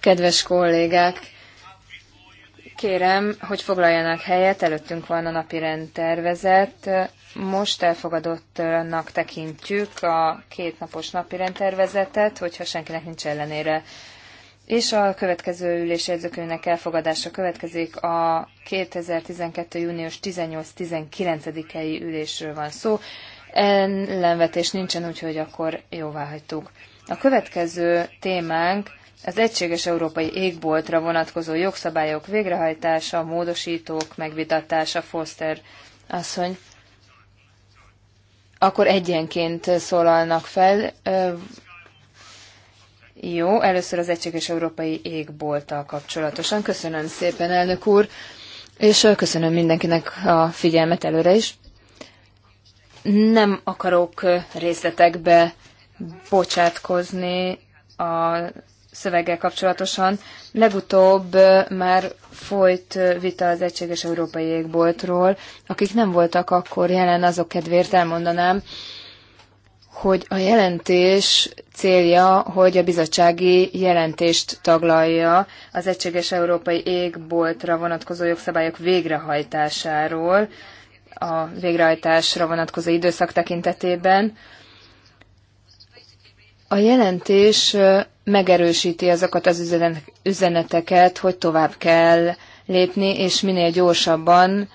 Kedves kollégák, kérem, hogy foglaljanak helyet, előttünk van a napi tervezet. Most elfogadottnak tekintjük a kétnapos napi rendtervezetet, hogyha senkinek nincs ellenére. És a következő ülés jegyzőkönyvnek elfogadása következik a 2012. június 18-19-i ülésről van szó. Ellenvetés nincsen, úgyhogy akkor jóvá hagytuk. A következő témánk az egységes európai égboltra vonatkozó jogszabályok végrehajtása, módosítók megvitatása, Foster asszony. Akkor egyenként szólalnak fel. Jó, először az egységes európai égbolttal kapcsolatosan. Köszönöm szépen, elnök úr, és köszönöm mindenkinek a figyelmet előre is. Nem akarok részletekbe bocsátkozni a szöveggel kapcsolatosan. Legutóbb már folyt vita az Egységes Európai Égboltról. Akik nem voltak akkor jelen, azok kedvéért elmondanám, hogy a jelentés célja, hogy a bizottsági jelentést taglalja az Egységes Európai Égboltra vonatkozó jogszabályok végrehajtásáról, a végrehajtásra vonatkozó időszak tekintetében. A jelentés megerősíti azokat az üzeneteket, hogy tovább kell lépni, és minél gyorsabban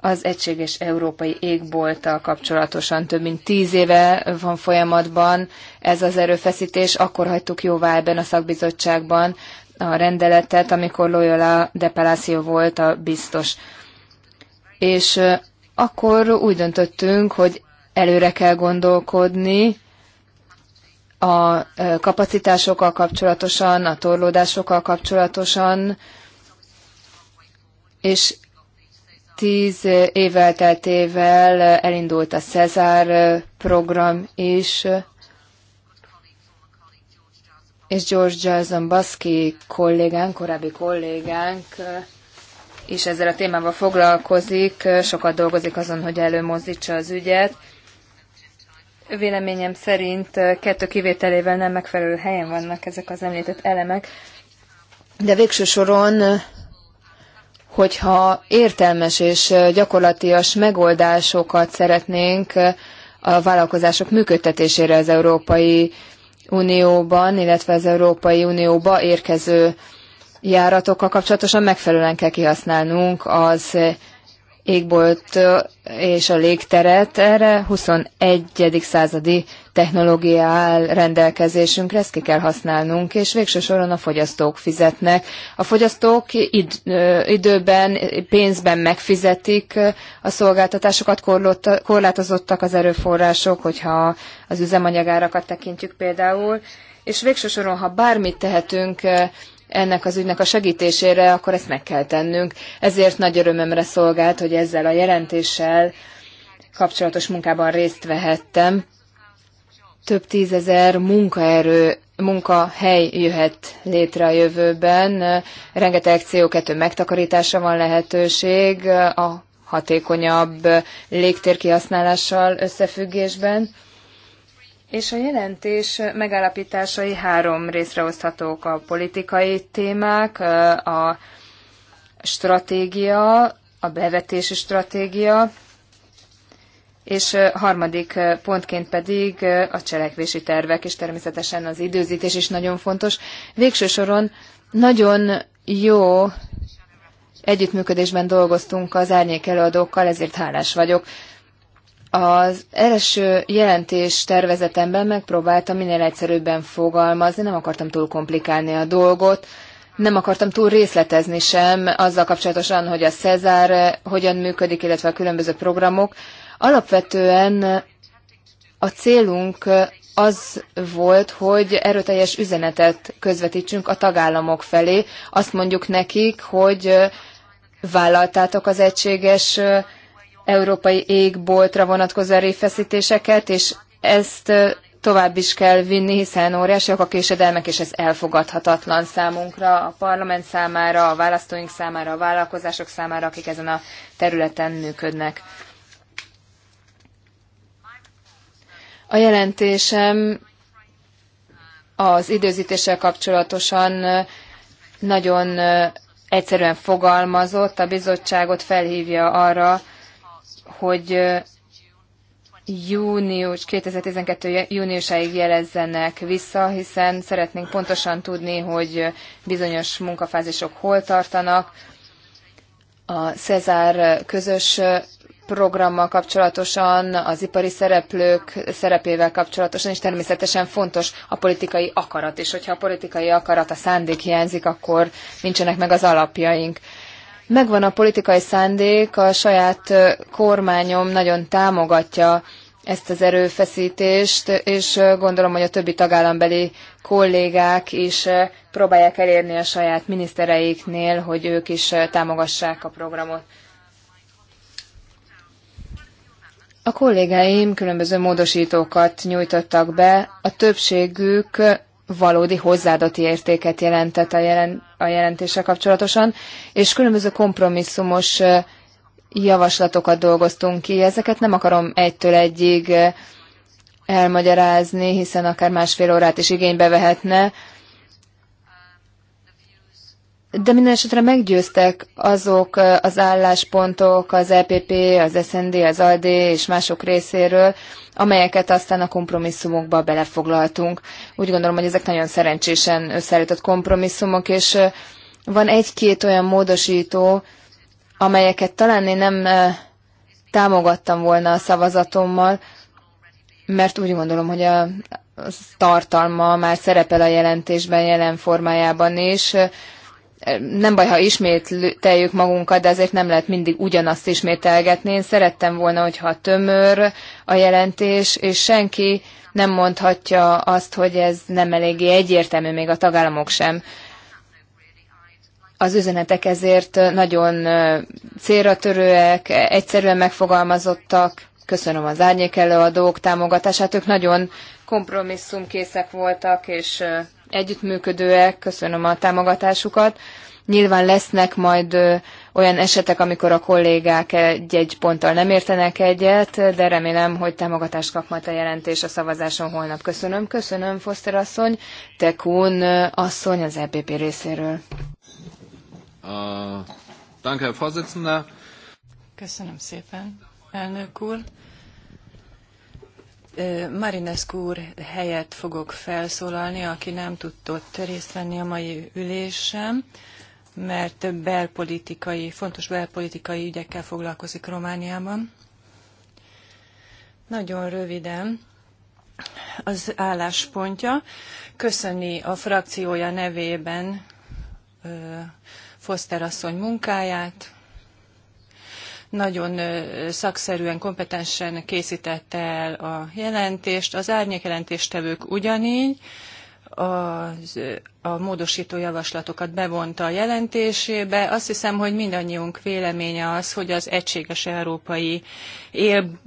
az egységes európai égbolttal kapcsolatosan több mint tíz éve van folyamatban ez az erőfeszítés. Akkor hagytuk jóvá ebben a szakbizottságban a rendeletet, amikor Loyola de Palacio volt a biztos. És akkor úgy döntöttünk, hogy előre kell gondolkodni, a kapacitásokkal kapcsolatosan, a torlódásokkal kapcsolatosan, és tíz év elteltével elindult a Cezár program is, és George Jason Baszki kollégánk, korábbi kollégánk is ezzel a témával foglalkozik, sokat dolgozik azon, hogy előmozdítsa az ügyet. Véleményem szerint kettő kivételével nem megfelelő helyen vannak ezek az említett elemek, de végső soron, hogyha értelmes és gyakorlatias megoldásokat szeretnénk a vállalkozások működtetésére az Európai Unióban, illetve az Európai Unióba érkező járatokkal kapcsolatosan megfelelően kell kihasználnunk az égbolt és a légteret. Erre 21. századi technológia áll rendelkezésünkre, ezt ki kell használnunk, és végső soron a fogyasztók fizetnek. A fogyasztók id- időben, pénzben megfizetik a szolgáltatásokat, korlátozottak az erőforrások, hogyha az üzemanyagárakat tekintjük például, és végső soron, ha bármit tehetünk ennek az ügynek a segítésére, akkor ezt meg kell tennünk. Ezért nagy örömömre szolgált, hogy ezzel a jelentéssel kapcsolatos munkában részt vehettem. Több tízezer munkaerő munkahely jöhet létre a jövőben. Rengeteg CO2 megtakarításra van lehetőség a hatékonyabb légtérkihasználással összefüggésben. És a jelentés megállapításai három részre oszthatók a politikai témák, a stratégia, a bevetési stratégia, és harmadik pontként pedig a cselekvési tervek, és természetesen az időzítés is nagyon fontos. Végső soron nagyon jó együttműködésben dolgoztunk az árnyék előadókkal, ezért hálás vagyok. Az első jelentés tervezetemben megpróbáltam minél egyszerűbben fogalmazni, nem akartam túl komplikálni a dolgot, nem akartam túl részletezni sem azzal kapcsolatosan, hogy a Cezár hogyan működik, illetve a különböző programok. Alapvetően a célunk az volt, hogy erőteljes üzenetet közvetítsünk a tagállamok felé. Azt mondjuk nekik, hogy vállaltátok az egységes európai égboltra vonatkozó erőfeszítéseket, és ezt tovább is kell vinni, hiszen óriásiak a késedelmek, és ez elfogadhatatlan számunkra, a parlament számára, a választóink számára, a vállalkozások számára, akik ezen a területen működnek. A jelentésem az időzítéssel kapcsolatosan nagyon egyszerűen fogalmazott, a bizottságot felhívja arra, hogy június 2012 júniusáig jelezzenek vissza, hiszen szeretnénk pontosan tudni, hogy bizonyos munkafázisok hol tartanak. A Cezár közös programmal kapcsolatosan, az ipari szereplők szerepével kapcsolatosan, és természetesen fontos a politikai akarat, is, hogyha a politikai akarat, a szándék hiányzik, akkor nincsenek meg az alapjaink megvan a politikai szándék, a saját kormányom nagyon támogatja ezt az erőfeszítést, és gondolom, hogy a többi tagállambeli kollégák is próbálják elérni a saját minisztereiknél, hogy ők is támogassák a programot. A kollégáim különböző módosítókat nyújtottak be, a többségük valódi hozzáadott értéket jelentett a, jelen, a jelentéssel kapcsolatosan, és különböző kompromisszumos javaslatokat dolgoztunk ki. Ezeket nem akarom egytől egyig elmagyarázni, hiszen akár másfél órát is igénybe vehetne, de minden esetre meggyőztek azok az álláspontok az EPP, az SND, az AD és mások részéről, amelyeket aztán a kompromisszumokba belefoglaltunk. Úgy gondolom, hogy ezek nagyon szerencsésen összeállított kompromisszumok, és van egy-két olyan módosító, amelyeket talán én nem támogattam volna a szavazatommal, mert úgy gondolom, hogy a, tartalma már szerepel a jelentésben jelen formájában is, nem baj, ha ismételjük magunkat, de azért nem lehet mindig ugyanazt ismételgetni. Én szerettem volna, hogyha tömör a jelentés, és senki nem mondhatja azt, hogy ez nem eléggé egyértelmű, még a tagállamok sem. Az üzenetek ezért nagyon célra törőek, egyszerűen megfogalmazottak. Köszönöm az árnyék előadók támogatását, ők nagyon kompromisszumkészek voltak, és együttműködőek, köszönöm a támogatásukat. Nyilván lesznek majd olyan esetek, amikor a kollégák egy-egy ponttal nem értenek egyet, de remélem, hogy támogatást kap majd a jelentés a szavazáson holnap. Köszönöm, köszönöm, Foster asszony, Tekun asszony az EPP részéről. Uh, danke, Vorsitzender. Köszönöm szépen, elnök úr. Marinescu úr helyett fogok felszólalni, aki nem tudott részt venni a mai ülésem, mert belpolitikai, fontos belpolitikai ügyekkel foglalkozik Romániában. Nagyon röviden az álláspontja. Köszöni a frakciója nevében Foster asszony munkáját, nagyon szakszerűen, kompetensen készítette el a jelentést. Az árnyék jelentéstevők ugyanígy, az, a módosító javaslatokat bevonta a jelentésébe. Azt hiszem, hogy mindannyiunk véleménye az, hogy az egységes európai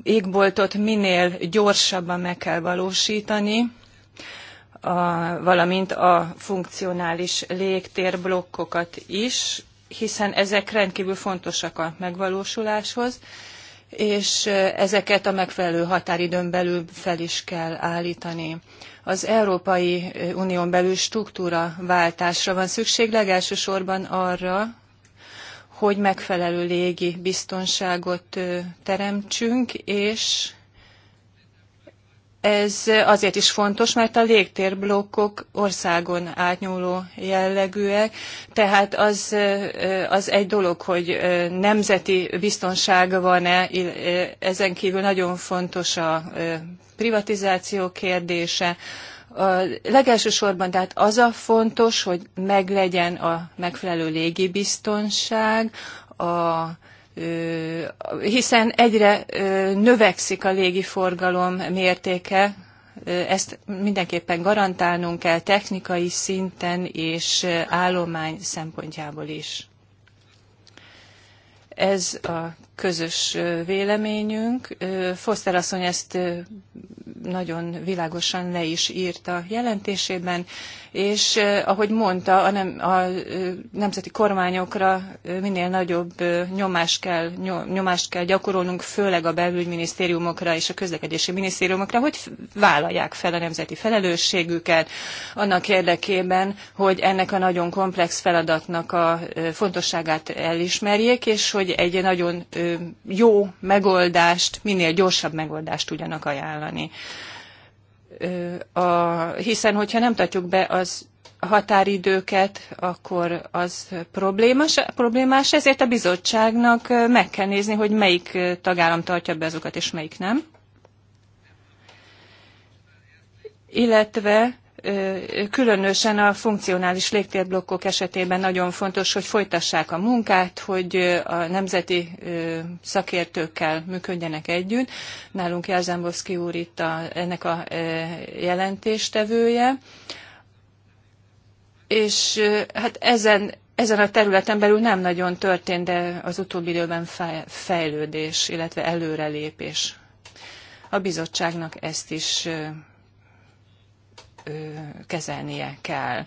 égboltot minél gyorsabban meg kell valósítani, a, valamint a funkcionális légtérblokkokat is, hiszen ezek rendkívül fontosak a megvalósuláshoz, és ezeket a megfelelő határidőn belül fel is kell állítani. Az Európai Unión belül struktúra váltásra van szükség, legelsősorban arra, hogy megfelelő légi biztonságot teremtsünk, és ez azért is fontos, mert a légtérblokkok országon átnyúló jellegűek, tehát az, eh, az egy dolog, hogy eh, nemzeti biztonsága van-e, eh, ezen kívül nagyon fontos a privatizáció kérdése, legelsősorban tehát az a fontos, hogy meglegyen a megfelelő légibiztonság, a hiszen egyre növekszik a légiforgalom mértéke, ezt mindenképpen garantálnunk kell technikai szinten és állomány szempontjából is. Ez a közös véleményünk. Foster asszony ezt nagyon világosan le is írta jelentésében, és ahogy mondta, a, nem, a nemzeti kormányokra minél nagyobb nyomást kell, nyomást kell gyakorolnunk, főleg a belügyminisztériumokra és a közlekedési minisztériumokra, hogy vállalják fel a nemzeti felelősségüket annak érdekében, hogy ennek a nagyon komplex feladatnak a fontosságát elismerjék, és hogy egy nagyon jó megoldást, minél gyorsabb megoldást tudjanak ajánlani. A, hiszen, hogyha nem tartjuk be az határidőket, akkor az problémás, problémás, ezért a bizottságnak meg kell nézni, hogy melyik tagállam tartja be azokat, és melyik nem. Illetve különösen a funkcionális légtérblokkok esetében nagyon fontos, hogy folytassák a munkát, hogy a nemzeti szakértőkkel működjenek együtt. Nálunk Jászambowski úr itt a, ennek a jelentéstevője. És hát ezen, ezen a területen belül nem nagyon történt, de az utóbbi időben fejlődés, illetve előrelépés. A bizottságnak ezt is kezelnie kell.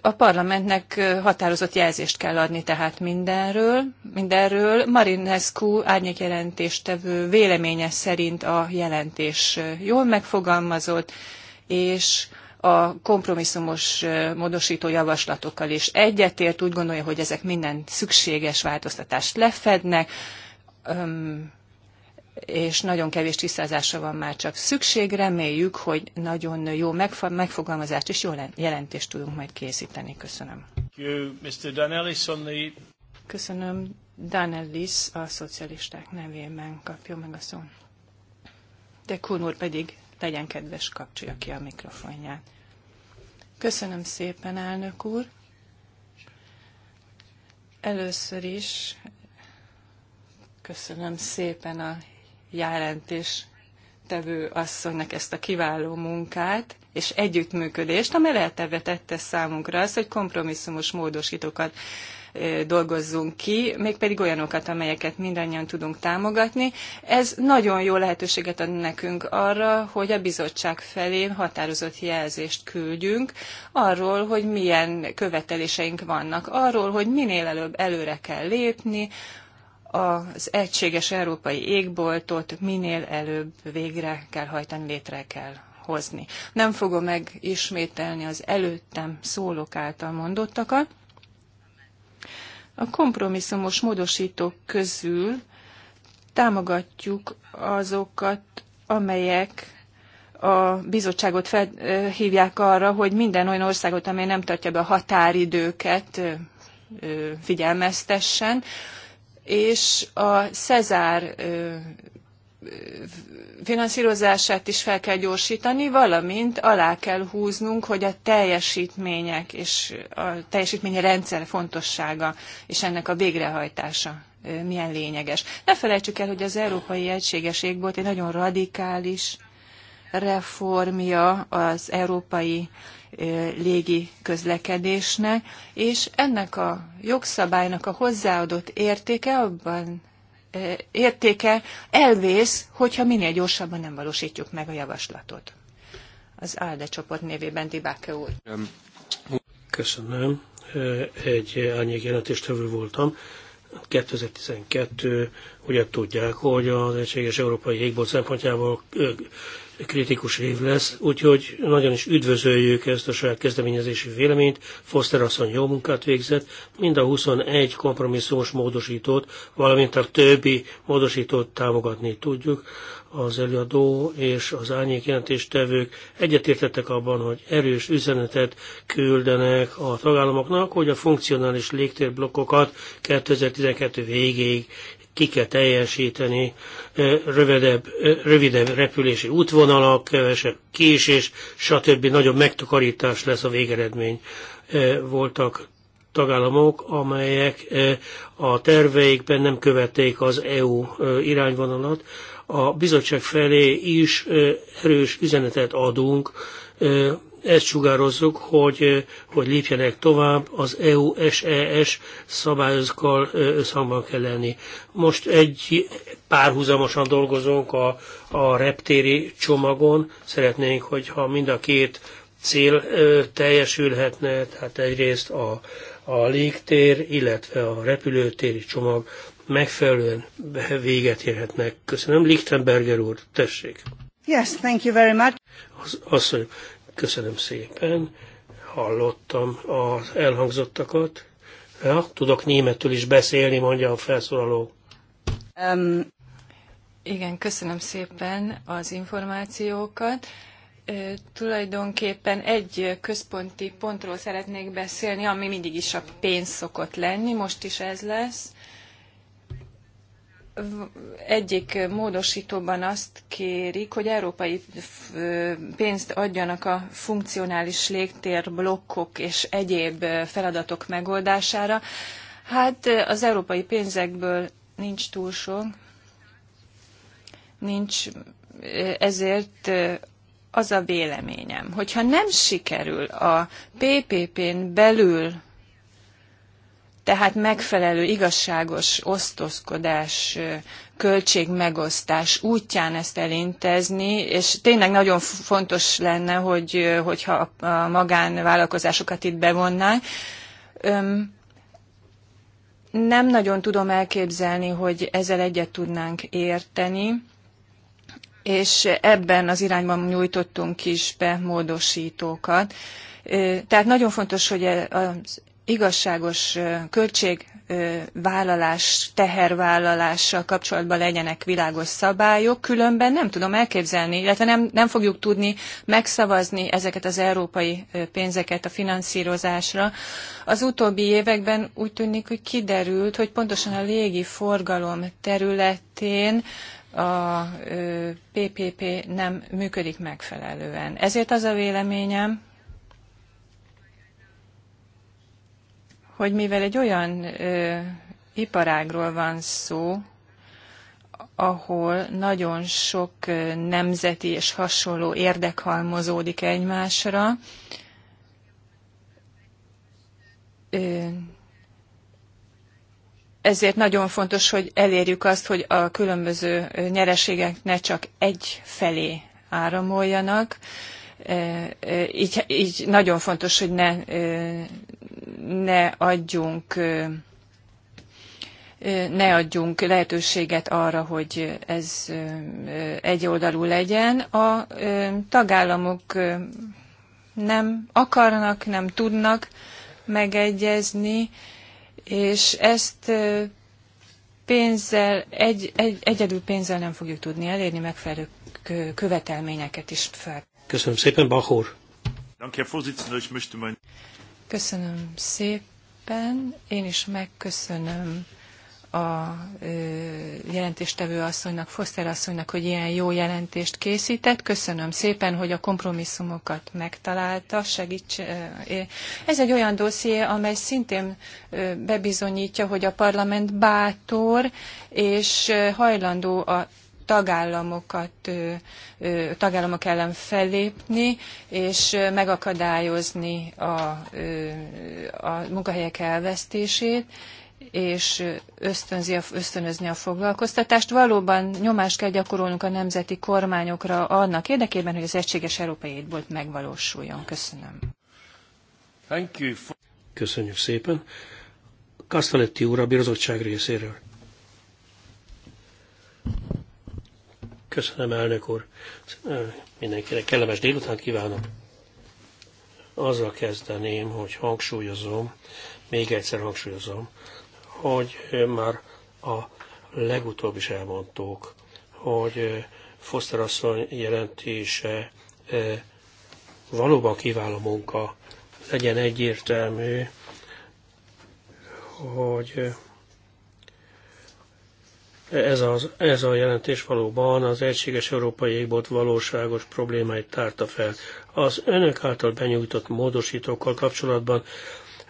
A parlamentnek határozott jelzést kell adni tehát mindenről. mindenről. Marinescu árnyékjelentéstevő véleménye szerint a jelentés jól megfogalmazott, és a kompromisszumos módosító javaslatokkal is egyetért, úgy gondolja, hogy ezek minden szükséges változtatást lefednek, és nagyon kevés tisztázásra van már csak szükség. Reméljük, hogy nagyon jó megfogalmazást és jó jelentést tudunk majd készíteni. Köszönöm. Köszönöm. Danellis a szocialisták nevében kapja meg a szót. De Kun pedig legyen kedves, kapcsolja ki a mikrofonját. Köszönöm szépen, elnök úr. Először is köszönöm szépen a jelentés tevő asszonynak ezt a kiváló munkát és együttműködést, ami lehetővé tette számunkra az, hogy kompromisszumos módosítókat dolgozzunk ki, mégpedig olyanokat, amelyeket mindannyian tudunk támogatni. Ez nagyon jó lehetőséget ad nekünk arra, hogy a bizottság felé határozott jelzést küldjünk arról, hogy milyen követeléseink vannak, arról, hogy minél előbb előre kell lépni, az egységes európai égboltot minél előbb végre kell hajtani, létre kell hozni. Nem fogom megismételni az előttem szólók által mondottakat. A kompromisszumos módosítók közül támogatjuk azokat, amelyek a bizottságot fel, hívják arra, hogy minden olyan országot, amely nem tartja be a határidőket, figyelmeztessen és a Cezár finanszírozását is fel kell gyorsítani, valamint alá kell húznunk, hogy a teljesítmények és a teljesítményi rendszer fontossága és ennek a végrehajtása milyen lényeges. Ne felejtsük el, hogy az Európai Egységes Égbolt egy nagyon radikális reformja az európai légi közlekedésnek, és ennek a jogszabálynak a hozzáadott értéke abban értéke elvész, hogyha minél gyorsabban nem valósítjuk meg a javaslatot. Az ALDE csoport névében Dibáke úr. Köszönöm. Egy árnyék jelentéstevő voltam. 2012, ugye tudják, hogy az egységes európai égbolt szempontjából kritikus év lesz, úgyhogy nagyon is üdvözöljük ezt a saját kezdeményezési véleményt. Foster asszony jó munkát végzett, mind a 21 kompromisszumos módosítót, valamint a többi módosítót támogatni tudjuk. Az előadó és az árnyék jelentéstevők egyetértettek abban, hogy erős üzenetet küldenek a tagállamoknak, hogy a funkcionális légtérblokkokat 2012 végéig ki kell teljesíteni, rövidebb, rövidebb repülési útvonalak, kevesebb késés, stb. nagyobb megtakarítás lesz a végeredmény. Voltak tagállamok, amelyek a terveikben nem követték az EU irányvonalat. A bizottság felé is erős üzenetet adunk, ezt sugározzuk, hogy, hogy lépjenek tovább, az EU-SES szabályozókkal összhangban kell lenni. Most egy párhuzamosan dolgozunk a, a reptéri csomagon, szeretnénk, hogyha mind a két cél teljesülhetne, tehát egyrészt a, a légtér, illetve a repülőtéri csomag megfelelően véget érhetnek. Köszönöm, Lichtenberger úr, tessék! Yes, thank you very much. Az, asszony, Köszönöm szépen, hallottam az elhangzottakat. Ja, tudok németül is beszélni, mondja a felszólaló. Um, igen, köszönöm szépen az információkat. E, tulajdonképpen egy központi pontról szeretnék beszélni, ami mindig is a pénz szokott lenni, most is ez lesz egyik módosítóban azt kérik, hogy európai pénzt adjanak a funkcionális légtérblokkok és egyéb feladatok megoldására. Hát az európai pénzekből nincs túl sok, nincs, ezért az a véleményem, hogyha nem sikerül a PPP-n belül tehát megfelelő igazságos osztozkodás, költségmegosztás útján ezt elintézni, és tényleg nagyon fontos lenne, hogy, hogyha a magánvállalkozásokat itt bevonnánk. Nem nagyon tudom elképzelni, hogy ezzel egyet tudnánk érteni, és ebben az irányban nyújtottunk is be módosítókat. Tehát nagyon fontos, hogy e-, az igazságos költségvállalás, tehervállalással kapcsolatban legyenek világos szabályok, különben nem tudom elképzelni, illetve nem, nem fogjuk tudni megszavazni ezeket az európai pénzeket a finanszírozásra. Az utóbbi években úgy tűnik, hogy kiderült, hogy pontosan a légi forgalom területén a PPP nem működik megfelelően. Ezért az a véleményem, hogy mivel egy olyan ö, iparágról van szó, ahol nagyon sok nemzeti és hasonló érdek halmozódik egymásra, ö, ezért nagyon fontos, hogy elérjük azt, hogy a különböző nyereségek ne csak egy felé áramoljanak. Így, így nagyon fontos, hogy ne ne adjunk ne adjunk lehetőséget arra, hogy ez egyoldalú legyen. A tagállamok nem akarnak, nem tudnak megegyezni, és ezt pénzzel, egy, egy, egyedül pénzzel nem fogjuk tudni elérni, megfelelő követelményeket is fel. Köszönöm szépen, Bach úr! Köszönöm szépen. Én is megköszönöm a jelentéstevő asszonynak, Foster asszonynak, hogy ilyen jó jelentést készített. Köszönöm szépen, hogy a kompromisszumokat megtalálta, segíts. Ez egy olyan dosszié, amely szintén bebizonyítja, hogy a parlament bátor és hajlandó a tagállamokat, tagállamok ellen fellépni, és megakadályozni a, a munkahelyek elvesztését, és ösztönzi a, ösztönözni a foglalkoztatást. Valóban nyomást kell gyakorolnunk a nemzeti kormányokra annak érdekében, hogy az egységes európai étbolt megvalósuljon. Köszönöm. Köszönjük szépen. Kastaletti úr a bizottság részéről. Köszönöm, elnök úr. Mindenkinek kellemes délután kívánok. Azzal kezdeném, hogy hangsúlyozom, még egyszer hangsúlyozom, hogy már a legutóbb is elmondtuk, hogy Foster asszony jelentése eh, valóban kiváló munka, legyen egyértelmű, hogy ez, az, ez a jelentés valóban az egységes európai égbolt valóságos problémáit tárta fel. Az önök által benyújtott módosítókkal kapcsolatban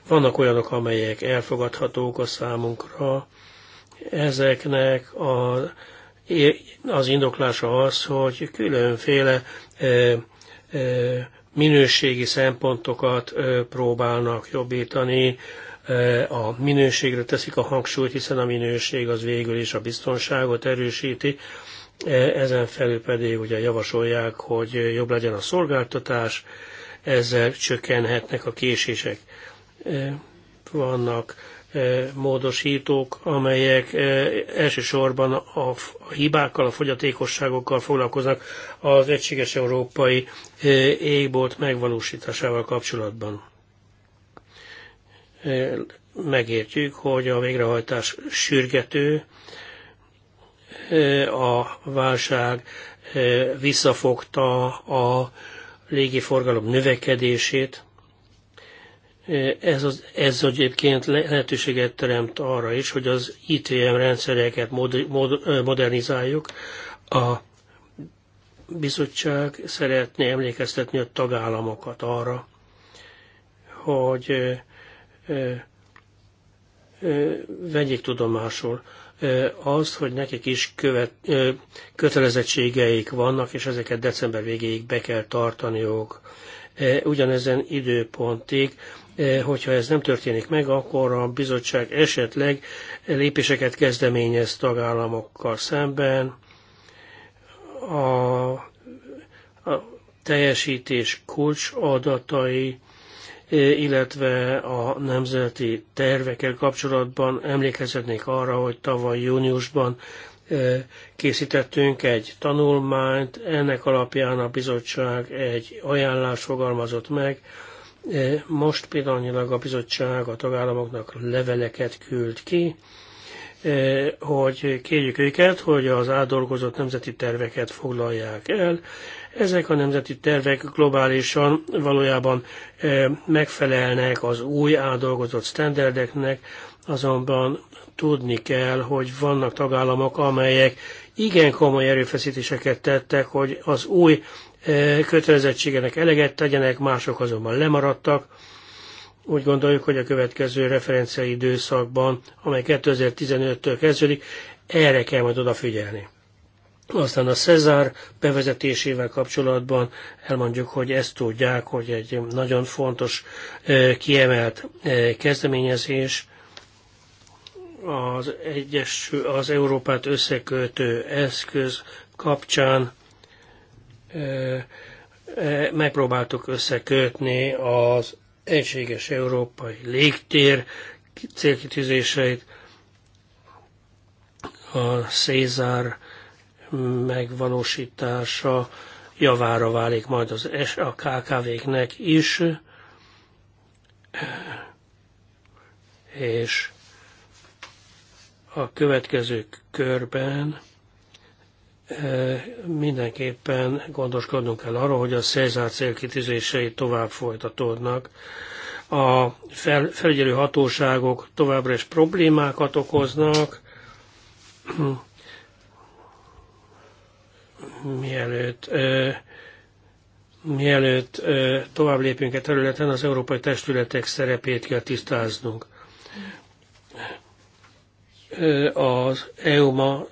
vannak olyanok, amelyek elfogadhatók a számunkra. Ezeknek a, az indoklása az, hogy különféle e, e, minőségi szempontokat próbálnak jobbítani, Eh, a minőségre teszik a hangsúlyt, hiszen a minőség az végül is a biztonságot erősíti, eh, ezen felül pedig ugye javasolják, hogy jobb legyen a szolgáltatás, ezzel csökkenhetnek a késések. Eh, vannak módosítók, amelyek elsősorban a hibákkal, a fogyatékosságokkal foglalkoznak az egységes európai égbolt megvalósításával kapcsolatban megértjük, hogy a végrehajtás sürgető, a válság visszafogta a légiforgalom növekedését. Ez, az, ez egyébként lehetőséget teremt arra is, hogy az ITM rendszereket mod, mod, modernizáljuk. A bizottság szeretné emlékeztetni a tagállamokat arra, hogy vegyék tudomásul azt, hogy nekik is követ, kötelezettségeik vannak, és ezeket december végéig be kell tartaniuk. Ugyanezen időpontig, hogyha ez nem történik meg, akkor a bizottság esetleg lépéseket kezdeményez tagállamokkal szemben. A, a teljesítés kulcs adatai E, illetve a nemzeti tervekkel kapcsolatban emlékezhetnék arra, hogy tavaly júniusban e, készítettünk egy tanulmányt, ennek alapján a bizottság egy ajánlást fogalmazott meg, e, most pillanatnyilag a bizottság a tagállamoknak leveleket küld ki, hogy kérjük őket, hogy az átdolgozott nemzeti terveket foglalják el, ezek a nemzeti tervek globálisan valójában eh, megfelelnek az új átdolgozott standardeknek, azonban tudni kell, hogy vannak tagállamok, amelyek igen komoly erőfeszítéseket tettek, hogy az új eh, kötelezettségenek eleget tegyenek, mások azonban lemaradtak. Úgy gondoljuk, hogy a következő referenciai időszakban, amely 2015-től kezdődik, erre kell majd odafigyelni. Aztán a Cezár bevezetésével kapcsolatban elmondjuk, hogy ezt tudják, hogy egy nagyon fontos, eh, kiemelt eh, kezdeményezés az, egyes, az Európát összekötő eszköz kapcsán eh, megpróbáltuk összekötni az egységes európai légtér célkitűzéseit, a Cézár megvalósítása javára válik majd az S, a KKV-knek is, és a következő körben eh, mindenképpen gondoskodnunk kell arról, hogy a szerzár célkitűzései tovább folytatódnak. A fel, felügyelő hatóságok továbbra is problémákat okoznak, mielőtt mielőtt tovább lépünk a e területen, az európai testületek szerepét kell tisztáznunk. Az EUMA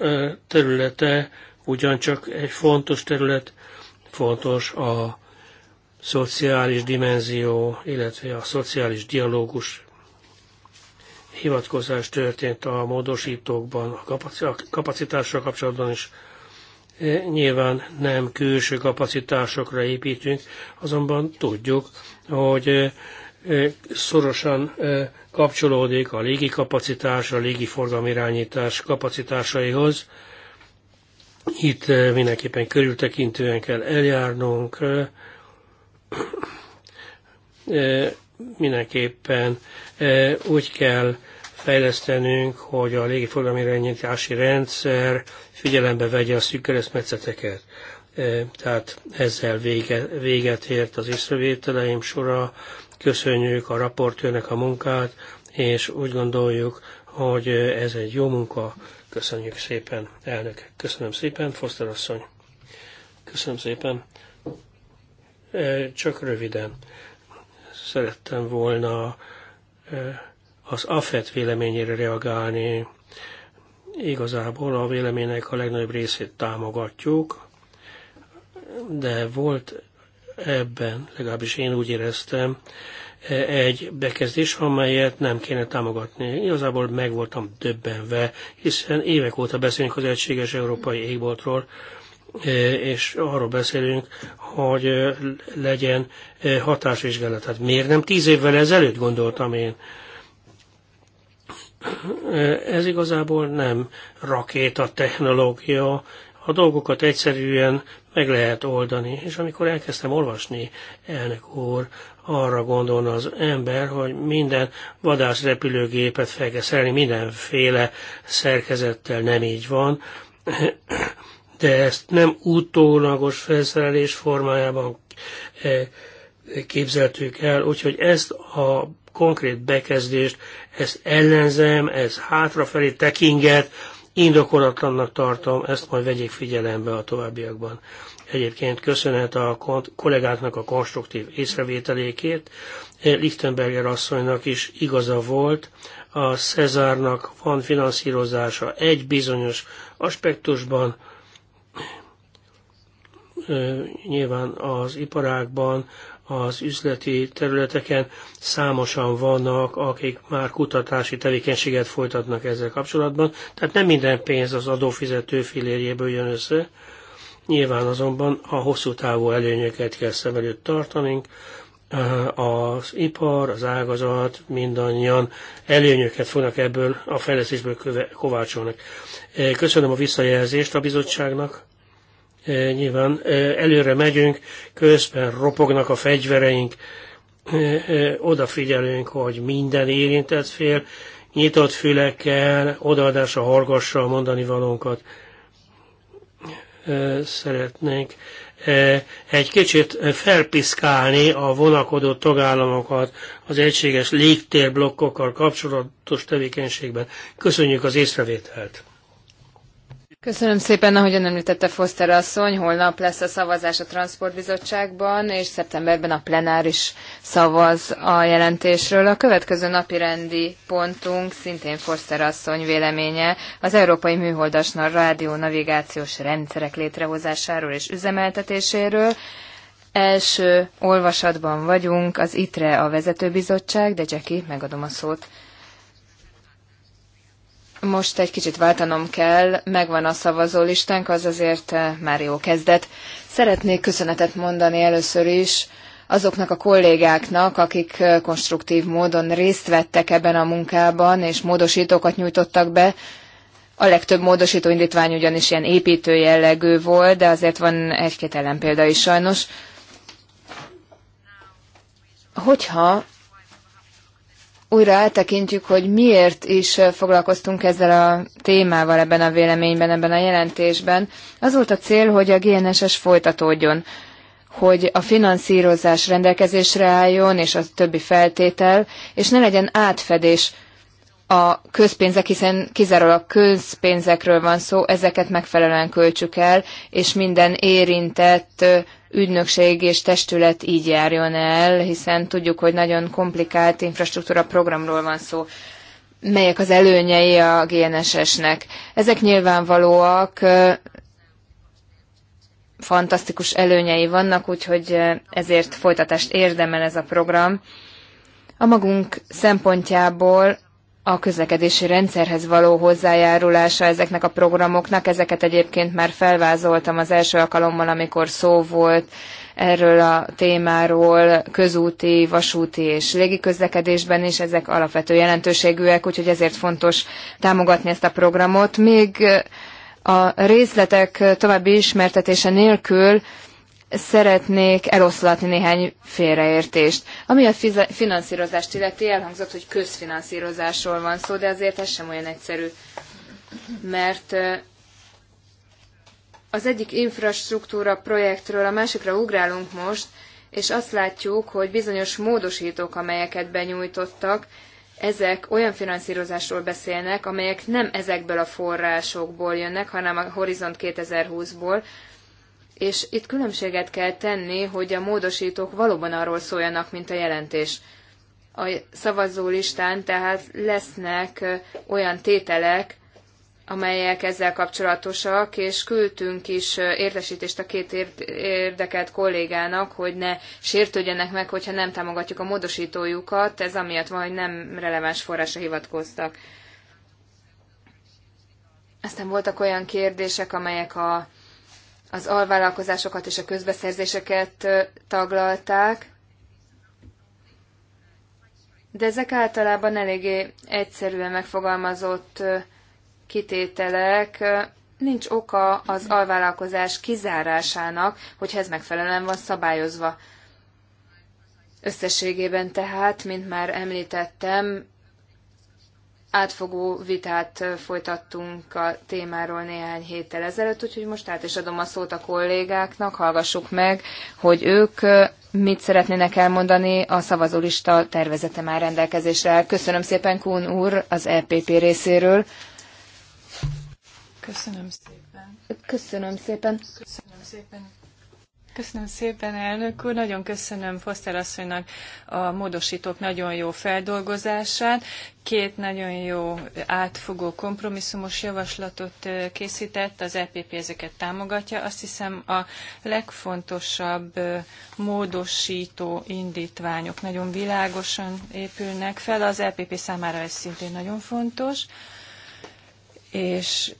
területe ugyancsak egy fontos terület, fontos a szociális dimenzió, illetve a szociális dialógus hivatkozás történt a módosítókban, a kapacitással kapcsolatban is E, nyilván nem külső kapacitásokra építünk, azonban tudjuk, hogy e, e, szorosan kapcsolódik a légi kapacitás, a légi forgalomirányítás kapacitásaihoz. Itt mindenképpen körültekintően kell eljárnunk, mindenképpen úgy kell fejlesztenünk, hogy a légiforgalomirányítási rendszer figyelembe vegye a szűk keresztmetszeteket. E, tehát ezzel vége, véget ért az észrevételeim sora. Köszönjük a raportőnek a munkát, és úgy gondoljuk, hogy ez egy jó munka. Köszönjük szépen, elnök. Köszönöm szépen, Foster asszony. Köszönöm szépen. E, csak röviden. Szerettem volna e, az AFET véleményére reagálni, Igazából a véleménynek a legnagyobb részét támogatjuk, de volt ebben, legalábbis én úgy éreztem, egy bekezdés, amelyet nem kéne támogatni. Igazából meg voltam döbbenve, hiszen évek óta beszélünk az egységes európai égboltról, és arról beszélünk, hogy legyen hatásvizsgálat. Hát miért nem tíz évvel ezelőtt gondoltam én? Ez igazából nem rakéta technológia, a dolgokat egyszerűen meg lehet oldani. És amikor elkezdtem olvasni, elnök úr, arra gondolna az ember, hogy minden vadászrepülőgépet fel kell szerelni, mindenféle szerkezettel nem így van, de ezt nem utólagos felszerelés formájában eh, képzeltük el, úgyhogy ezt a konkrét bekezdést, ezt ellenzem, ez hátrafelé tekinget, indokolatlannak tartom, ezt majd vegyék figyelembe a továbbiakban. Egyébként köszönet a kollégáknak a konstruktív észrevételékét, Lichtenberger asszonynak is igaza volt, a Cezárnak van finanszírozása egy bizonyos aspektusban, nyilván az iparákban az üzleti területeken számosan vannak, akik már kutatási tevékenységet folytatnak ezzel kapcsolatban, tehát nem minden pénz az adófizető filérjéből jön össze, nyilván azonban a hosszú távú előnyöket kell szem előtt tartanunk, az ipar, az ágazat, mindannyian előnyöket fognak ebből a fejlesztésből kovácsolni. Köszönöm a visszajelzést a bizottságnak. E, nyilván e, előre megyünk, közben ropognak a fegyvereink, e, odafigyelünk, hogy minden érintett fél nyitott fülekkel, odaadásra hallgassa a mondani valónkat. Szeretnénk egy kicsit felpiszkálni a vonakodó tagállamokat az egységes légtérblokkokkal kapcsolatos tevékenységben. Köszönjük az észrevételt! Köszönöm szépen, ön említette Foster asszony, holnap lesz a szavazás a Transportbizottságban, és szeptemberben a plenáris szavaz a jelentésről. A következő napi rendi pontunk szintén Foster asszony véleménye az Európai Műholdas Rádió Navigációs Rendszerek létrehozásáról és üzemeltetéséről. Első olvasatban vagyunk, az ITRE a vezetőbizottság, de Jackie, megadom a szót. Most egy kicsit váltanom kell, megvan a szavazólistánk, az azért eh, már jó kezdet. Szeretnék köszönetet mondani először is azoknak a kollégáknak, akik eh, konstruktív módon részt vettek ebben a munkában, és módosítókat nyújtottak be. A legtöbb módosító indítvány ugyanis ilyen építő jellegű volt, de azért van egy-két ellenpélda is sajnos. Hogyha újra eltekintjük, hogy miért is foglalkoztunk ezzel a témával ebben a véleményben, ebben a jelentésben. Az volt a cél, hogy a GNSS folytatódjon, hogy a finanszírozás rendelkezésre álljon, és a többi feltétel, és ne legyen átfedés a közpénzek, hiszen kizárólag közpénzekről van szó, ezeket megfelelően költsük el, és minden érintett ügynökség és testület így járjon el, hiszen tudjuk, hogy nagyon komplikált infrastruktúra programról van szó melyek az előnyei a GNSS-nek. Ezek nyilvánvalóak, fantasztikus előnyei vannak, úgyhogy ezért folytatást érdemel ez a program. A magunk szempontjából a közlekedési rendszerhez való hozzájárulása ezeknek a programoknak. Ezeket egyébként már felvázoltam az első alkalommal, amikor szó volt erről a témáról közúti, vasúti és közlekedésben is. Ezek alapvető jelentőségűek, úgyhogy ezért fontos támogatni ezt a programot. Még a részletek további ismertetése nélkül szeretnék eloszlatni néhány félreértést. Ami a finanszírozást illeti, elhangzott, hogy közfinanszírozásról van szó, de azért ez sem olyan egyszerű, mert az egyik infrastruktúra projektről a másikra ugrálunk most, és azt látjuk, hogy bizonyos módosítók, amelyeket benyújtottak, ezek olyan finanszírozásról beszélnek, amelyek nem ezekből a forrásokból jönnek, hanem a Horizont 2020-ból, és itt különbséget kell tenni, hogy a módosítók valóban arról szóljanak, mint a jelentés. A szavazó listán tehát lesznek olyan tételek, amelyek ezzel kapcsolatosak, és küldtünk is értesítést a két érdekelt kollégának, hogy ne sértődjenek meg, hogyha nem támogatjuk a módosítójukat, ez amiatt van, hogy nem releváns forrásra hivatkoztak. Aztán voltak olyan kérdések, amelyek a az alvállalkozásokat és a közbeszerzéseket taglalták, de ezek általában eléggé egyszerűen megfogalmazott kitételek, nincs oka az alvállalkozás kizárásának, hogyha ez megfelelően van szabályozva. Összességében tehát, mint már említettem, átfogó vitát folytattunk a témáról néhány héttel ezelőtt, úgyhogy most át is adom a szót a kollégáknak, hallgassuk meg, hogy ők mit szeretnének elmondani, a szavazólista tervezete már rendelkezésre Köszönöm szépen Kún úr az EPP részéről. Köszönöm szépen. Köszönöm szépen. Köszönöm szépen. Köszönöm szépen, elnök úr. Nagyon köszönöm Foster asszonynak a módosítók nagyon jó feldolgozását. Két nagyon jó átfogó kompromisszumos javaslatot készített, az EPP ezeket támogatja. Azt hiszem a legfontosabb módosító indítványok nagyon világosan épülnek fel. Az EPP számára ez szintén nagyon fontos és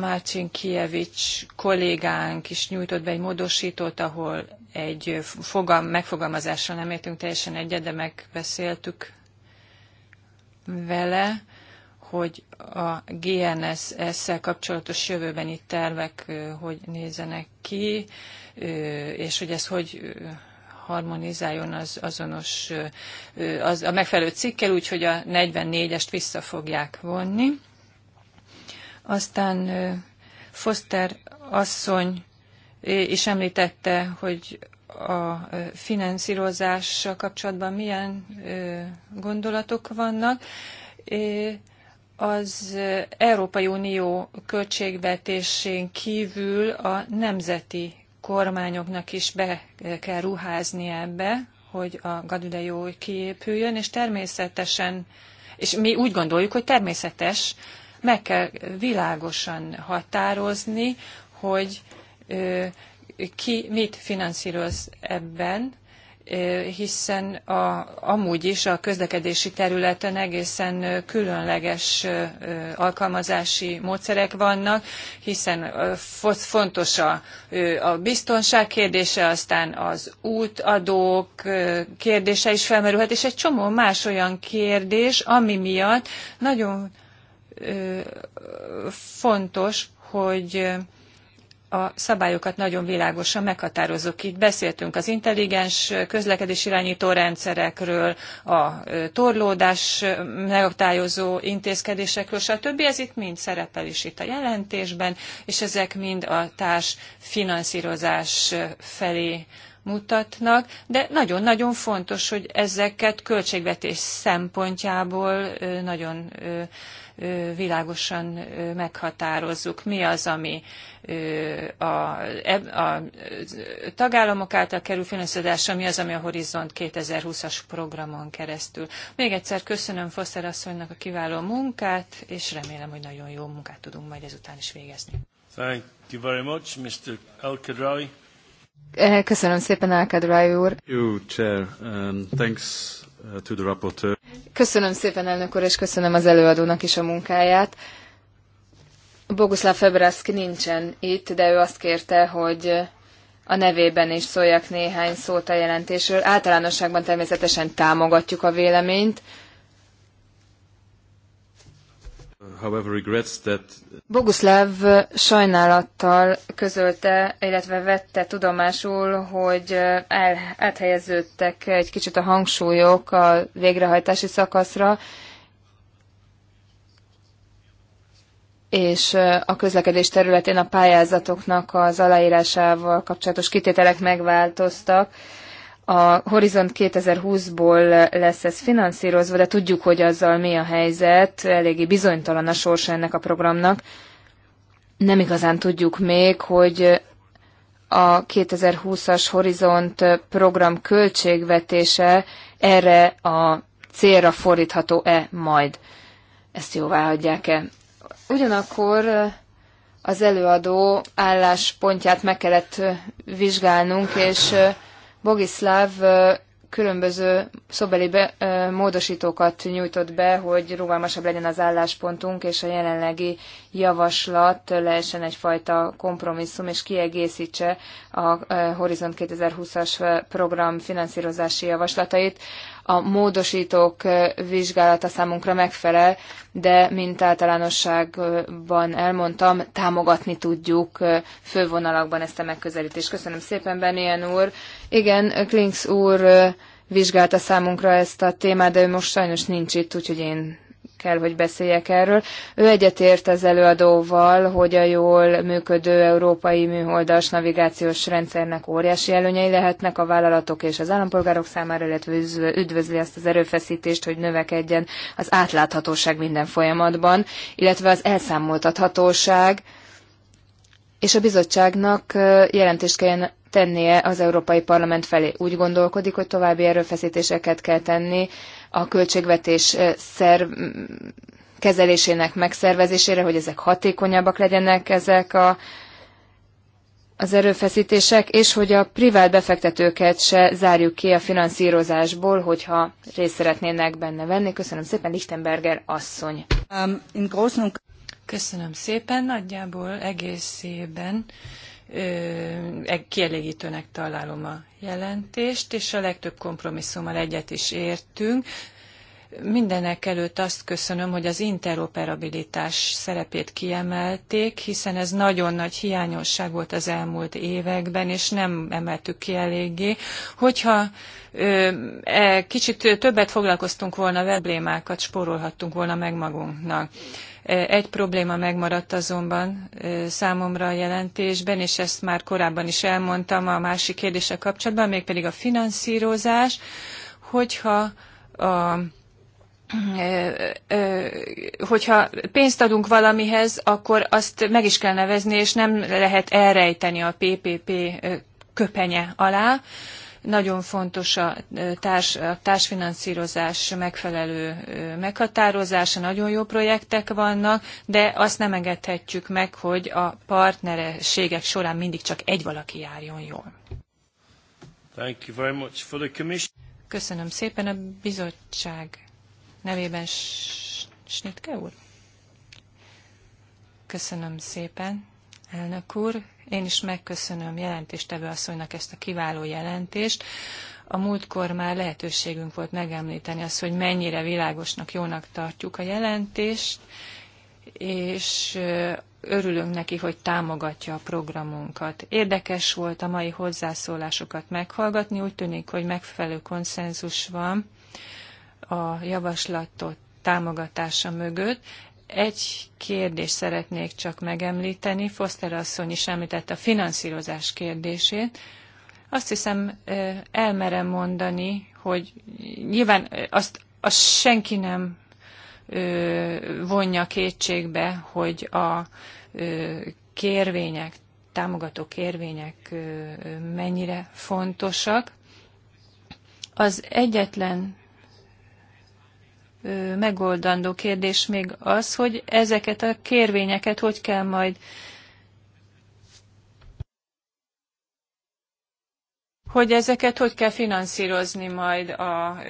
Márcsin Kievics kollégánk is nyújtott be egy módosítót, ahol egy fogalm, megfogalmazással nem értünk teljesen egyet, de megbeszéltük vele, hogy a GNSS-szel kapcsolatos jövőbeni tervek hogy nézenek ki, és hogy ez hogy harmonizáljon az azonos, az, a megfelelő cikkel, úgyhogy a 44-est vissza fogják vonni aztán Foster asszony is említette, hogy a finanszírozással kapcsolatban milyen gondolatok vannak. Az Európai Unió költségvetésén kívül a nemzeti kormányoknak is be kell ruházni ebbe, hogy a Galileo kiépüljön, és természetesen, és mi úgy gondoljuk, hogy természetes, meg kell világosan határozni, hogy ki mit finanszíroz ebben, hiszen a, amúgy is a közlekedési területen egészen különleges alkalmazási módszerek vannak, hiszen fontos a, a biztonság kérdése, aztán az útadók kérdése is felmerülhet, és egy csomó más olyan kérdés, ami miatt nagyon fontos, hogy a szabályokat nagyon világosan meghatározzuk. Itt beszéltünk az intelligens közlekedés irányító rendszerekről, a torlódás megaktályozó intézkedésekről, stb. Ez itt mind szerepel is itt a jelentésben, és ezek mind a társ finanszírozás felé mutatnak, de nagyon-nagyon fontos, hogy ezeket költségvetés szempontjából nagyon világosan meghatározzuk, mi az, ami a, a tagállamok által kerül finanszírozásra, mi az, ami a Horizont 2020-as programon keresztül. Még egyszer köszönöm Foster asszonynak a kiváló munkát, és remélem, hogy nagyon jó munkát tudunk majd ezután is végezni. Thank you very much, Mr. El eh, Köszönöm szépen, Alkadrawi úr. You, chair. and thanks Köszönöm szépen, elnök úr, és köszönöm az előadónak is a munkáját. Boguslav Febraszki nincsen itt, de ő azt kérte, hogy a nevében is szóljak néhány szót a jelentésről. Általánosságban természetesen támogatjuk a véleményt, Boguszláv sajnálattal közölte, illetve vette tudomásul, hogy el, áthelyeződtek egy kicsit a hangsúlyok a végrehajtási szakaszra, és a közlekedés területén a pályázatoknak az aláírásával kapcsolatos kitételek megváltoztak a Horizont 2020-ból lesz ez finanszírozva, de tudjuk, hogy azzal mi a helyzet, eléggé bizonytalan a sorsa ennek a programnak. Nem igazán tudjuk még, hogy a 2020-as Horizont program költségvetése erre a célra fordítható-e majd. Ezt jóvá hagyják-e. Ugyanakkor az előadó álláspontját meg kellett vizsgálnunk, és Bogislav különböző szobeli be, módosítókat nyújtott be, hogy rugalmasabb legyen az álláspontunk, és a jelenlegi javaslat lehessen egyfajta kompromisszum, és kiegészítse a Horizont 2020-as program finanszírozási javaslatait a módosítók vizsgálata számunkra megfelel, de mint általánosságban elmondtam, támogatni tudjuk fővonalakban ezt a megközelítést. Köszönöm szépen, Benien úr. Igen, Klinks úr vizsgálta számunkra ezt a témát, de ő most sajnos nincs itt, úgyhogy én kell, hogy beszéljek erről. Ő egyetért az előadóval, hogy a jól működő európai műholdas navigációs rendszernek óriási előnyei lehetnek a vállalatok és az állampolgárok számára, illetve üdvözli azt az erőfeszítést, hogy növekedjen az átláthatóság minden folyamatban, illetve az elszámoltathatóság, és a bizottságnak jelentést kelljen tennie az Európai Parlament felé. Úgy gondolkodik, hogy további erőfeszítéseket kell tenni a költségvetés szerv kezelésének megszervezésére, hogy ezek hatékonyabbak legyenek ezek a, az erőfeszítések, és hogy a privát befektetőket se zárjuk ki a finanszírozásból, hogyha részt szeretnének benne venni. Köszönöm szépen, Lichtenberger asszony. Um, Köszönöm szépen, nagyjából egészében E, kielégítőnek találom a jelentést, és a legtöbb kompromisszummal egyet is értünk. Mindenek előtt azt köszönöm, hogy az interoperabilitás szerepét kiemelték, hiszen ez nagyon nagy hiányosság volt az elmúlt években, és nem emeltük ki eléggé. Hogyha e, kicsit többet foglalkoztunk volna, problémákat spórolhattunk volna meg magunknak. E, egy probléma megmaradt azonban e, számomra a jelentésben, és ezt már korábban is elmondtam a másik kérdése kapcsolatban, mégpedig a finanszírozás, hogyha a hogyha pénzt adunk valamihez, akkor azt meg is kell nevezni, és nem lehet elrejteni a PPP köpenye alá. Nagyon fontos a, társ, a társfinanszírozás megfelelő meghatározása, nagyon jó projektek vannak, de azt nem engedhetjük meg, hogy a partnerségek során mindig csak egy valaki járjon jól. Thank you very much for the Köszönöm szépen a bizottság nevében Snitke úr. Köszönöm szépen, elnök úr. Én is megköszönöm jelentéstevő asszonynak ezt a kiváló jelentést. A múltkor már lehetőségünk volt megemlíteni azt, hogy mennyire világosnak, jónak tartjuk a jelentést, és örülünk neki, hogy támogatja a programunkat. Érdekes volt a mai hozzászólásokat meghallgatni, úgy tűnik, hogy megfelelő konszenzus van a javaslatot támogatása mögött. Egy kérdést szeretnék csak megemlíteni. Foster asszony is említette a finanszírozás kérdését. Azt hiszem, elmerem mondani, hogy nyilván azt, azt senki nem vonja kétségbe, hogy a kérvények, támogató kérvények mennyire fontosak. Az egyetlen megoldandó kérdés még az, hogy ezeket a kérvényeket hogy kell majd hogy ezeket hogy kell finanszírozni majd a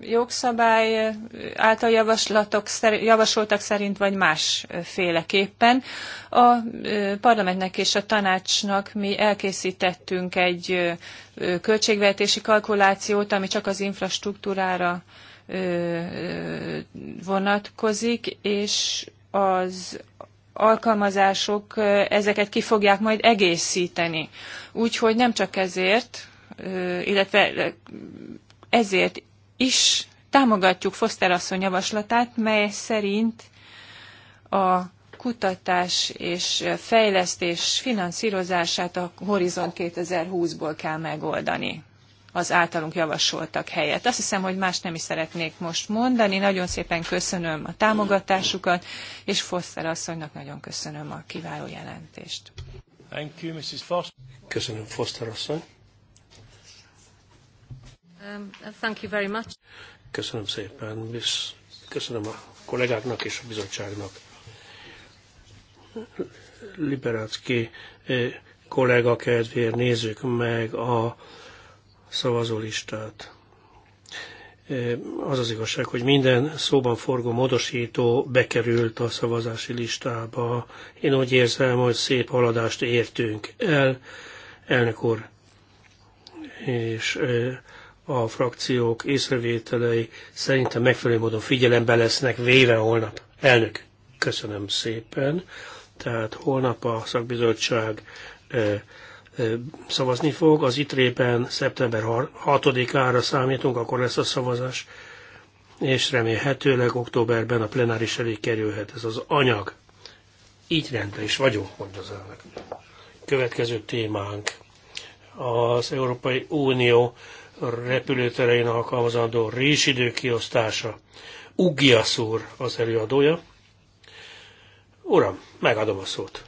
jogszabály által javaslatok, javasoltak szerint, vagy másféleképpen. A parlamentnek és a tanácsnak mi elkészítettünk egy költségvetési kalkulációt, ami csak az infrastruktúrára vonatkozik, és az alkalmazások ezeket ki fogják majd egészíteni. Úgyhogy nem csak ezért, illetve ezért is támogatjuk Foster asszony javaslatát, mely szerint a kutatás és fejlesztés finanszírozását a Horizon 2020-ból kell megoldani az általunk javasoltak helyett. Azt hiszem, hogy más nem is szeretnék most mondani. Nagyon szépen köszönöm a támogatásukat, és Foster asszonynak nagyon köszönöm a kiváló jelentést. Thank you, Mrs. Foster. Köszönöm, Foster asszony. Um, thank you very much. Köszönöm szépen, Miss. köszönöm a kollégáknak és a bizottságnak. Liberácki eh, kollega kedvéért nézzük meg a szavazólistát. Az az igazság, hogy minden szóban forgó módosító bekerült a szavazási listába. Én úgy érzem, hogy szép haladást értünk el, elnök úr, és a frakciók észrevételei szerintem megfelelő módon figyelembe lesznek véve holnap. Elnök, köszönöm szépen. Tehát holnap a szakbizottság szavazni fog. Az itre szeptember 6-ára számítunk, akkor lesz a szavazás, és remélhetőleg októberben a plenáris elé kerülhet ez az anyag. Így rendben is vagyunk, mondja az elnök. Következő témánk az Európai Unió repülőterein alkalmazandó résidő kiosztása. Ugiaszúr az előadója. Uram, megadom a szót.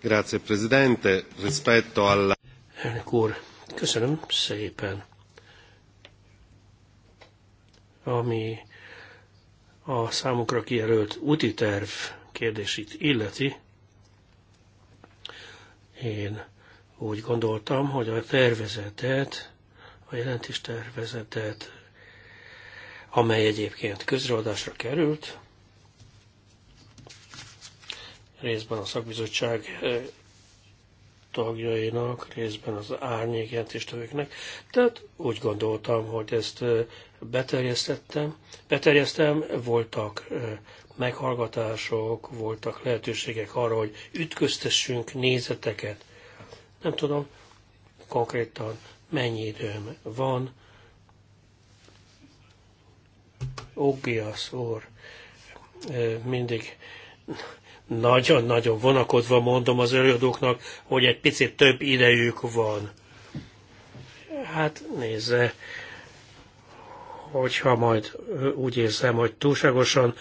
Grazie Presidente, rispetto alla... Elnök úr, köszönöm szépen. Ami a számukra kijelölt úti terv kérdését illeti, én úgy gondoltam, hogy a tervezetet, a jelentés tervezetet, amely egyébként közreadásra került, részben a szakbizottság tagjainak, részben az árnyék jelentéstevőknek. Tehát úgy gondoltam, hogy ezt beterjesztettem. Beterjesztem, voltak meghallgatások, voltak lehetőségek arra, hogy ütköztessünk nézeteket. Nem tudom konkrétan mennyi időm van. Ógiasz úr mindig nagyon-nagyon vonakodva mondom az előadóknak, hogy egy picit több idejük van. Hát nézze, hogyha majd úgy érzem, hogy túlságosan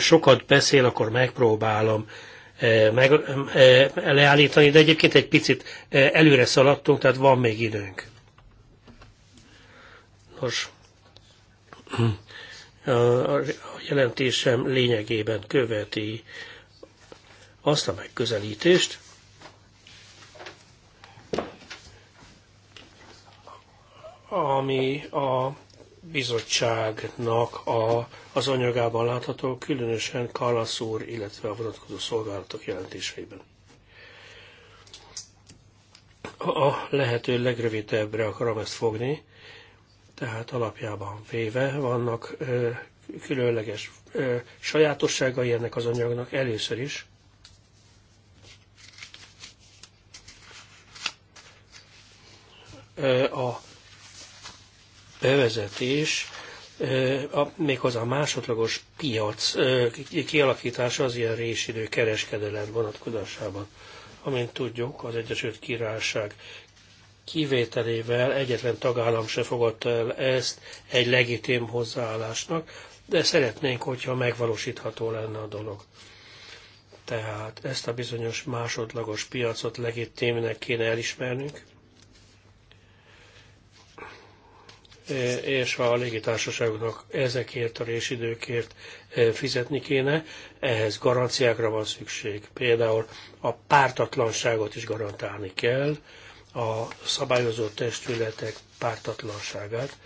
sokat beszél, akkor megpróbálom meg, leállítani, de egyébként egy picit előre szaladtunk, tehát van még időnk. Nos, a jelentésem lényegében követi azt a megközelítést, ami a bizottságnak a, az anyagában látható, különösen Kallasz úr, illetve a vonatkozó szolgálatok jelentéseiben. A lehető legrövidebbre akarom ezt fogni, tehát alapjában véve vannak ö, különleges ö, sajátosságai ennek az anyagnak először is. a bevezetés, a, méghozzá a másodlagos piac kialakítása az ilyen résidő kereskedelem vonatkozásában. Amint tudjuk, az Egyesült Királyság kivételével egyetlen tagállam se fogadta el ezt egy legitim hozzáállásnak, de szeretnénk, hogyha megvalósítható lenne a dolog. Tehát ezt a bizonyos másodlagos piacot legitimnek kéne elismernünk, és a légitársaságoknak ezekért a résidőkért e, fizetni kéne, ehhez garanciákra van szükség. Például a pártatlanságot is garantálni kell, a szabályozó testületek pártatlanságát.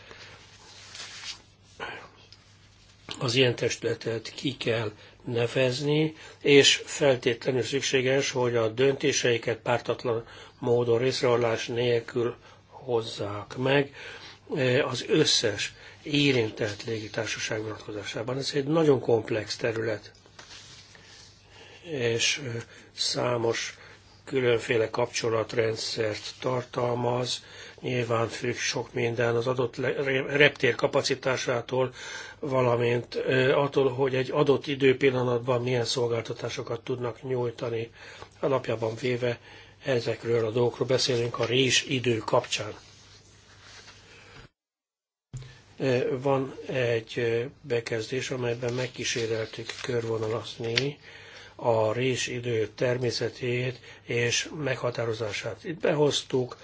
Az ilyen testületet ki kell nevezni, és feltétlenül szükséges, hogy a döntéseiket pártatlan módon részrehallás nélkül hozzák meg. E, az összes érintett légitársaság vonatkozásában. Ez egy nagyon komplex terület, és e, számos különféle kapcsolatrendszert tartalmaz, nyilván függ sok minden az adott reptér kapacitásától, valamint e, attól, hogy egy adott időpillanatban milyen szolgáltatásokat tudnak nyújtani. Alapjában véve ezekről a dolgokról beszélünk a rés idő kapcsán. E, van egy e, bekezdés, amelyben megkíséreltük körvonalazni a résidő természetét és meghatározását. Itt behoztuk,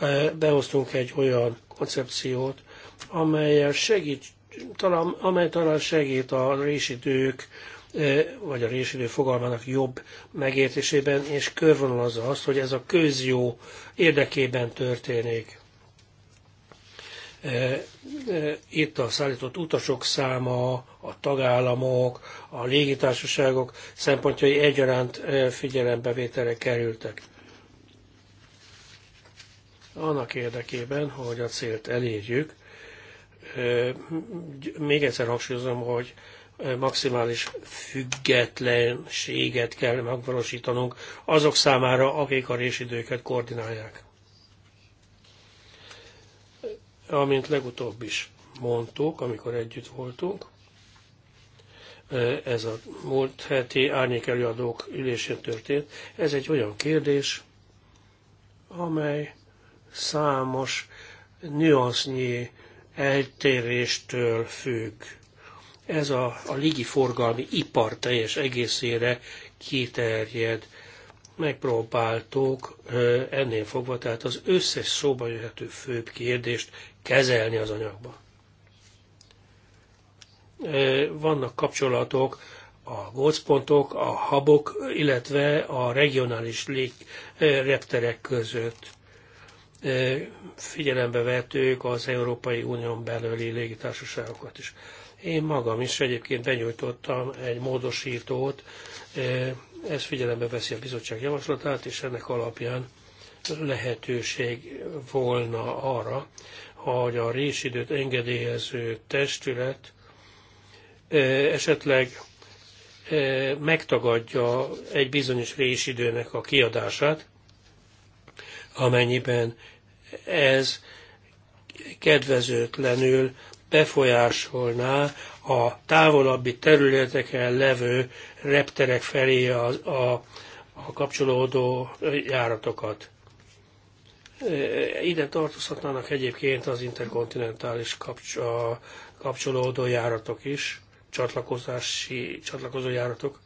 e, behoztunk egy olyan koncepciót, amelyel segít, talán, amely talán segít a résidők vagy a résidő fogalmának jobb megértésében, és körvonalazza azt, hogy ez a közjó érdekében történik. E, e, itt a szállított utasok száma, a tagállamok, a légitársaságok szempontjai egyaránt e, figyelembevételre kerültek. Annak érdekében, hogy a célt elérjük, még egyszer hangsúlyozom, hogy maximális függetlenséget kell megvalósítanunk azok számára, akik a résidőket koordinálják amint legutóbb is mondtuk, amikor együtt voltunk, ez a múlt heti árnyék előadók ülésén történt. Ez egy olyan kérdés, amely számos nüansznyi eltéréstől függ. Ez a, a ligi forgalmi ipar teljes egészére kiterjed megpróbáltuk ennél fogva, tehát az összes szóba jöhető főbb kérdést kezelni az anyagban. Vannak kapcsolatok a gócpontok, a habok, illetve a regionális lég, repterek között. Figyelembe vettük az Európai Unión belüli légitársaságokat is. Én magam is egyébként benyújtottam egy módosítót ez figyelembe veszi a bizottság javaslatát, és ennek alapján lehetőség volna arra, hogy a résidőt engedélyező testület e, esetleg e, megtagadja egy bizonyos résidőnek a kiadását, amennyiben ez kedvezőtlenül befolyásolná a távolabbi területeken levő repterek felé a, a, a kapcsolódó járatokat. E, ide tartozhatnának egyébként az interkontinentális kapcs, kapcsolódó járatok is, csatlakozási, csatlakozó járatok.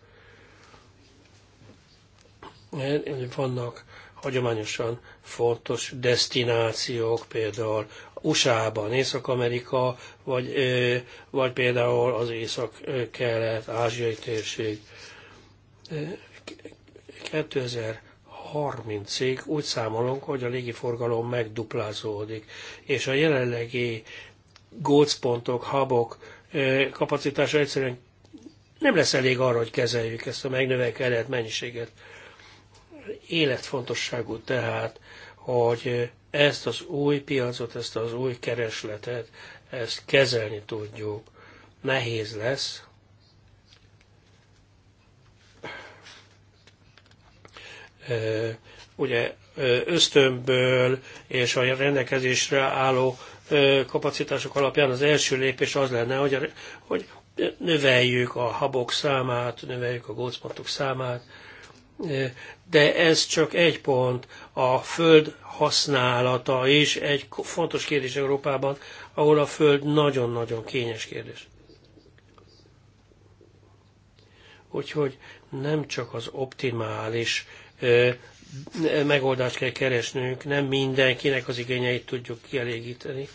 E, vannak hagyományosan fontos destinációk, például USA-ban, Észak-Amerika, vagy, vagy például az Észak-Kelet-Ázsiai térség. 2030-ig úgy számolunk, hogy a légiforgalom megduplázódik, és a jelenlegi gócpontok, habok kapacitása egyszerűen nem lesz elég arra, hogy kezeljük ezt a megnövekedett mennyiséget. Életfontosságú tehát, hogy ezt az új piacot, ezt az új keresletet, ezt kezelni tudjuk. Nehéz lesz. Ugye ösztönből és a rendelkezésre álló kapacitások alapján az első lépés az lenne, hogy, hogy növeljük a habok számát, növeljük a gócpontok számát, de ez csak egy pont. A föld használata is egy fontos kérdés Európában, ahol a föld nagyon-nagyon kényes kérdés. Úgyhogy nem csak az optimális megoldást kell keresnünk, nem mindenkinek az igényeit tudjuk kielégíteni,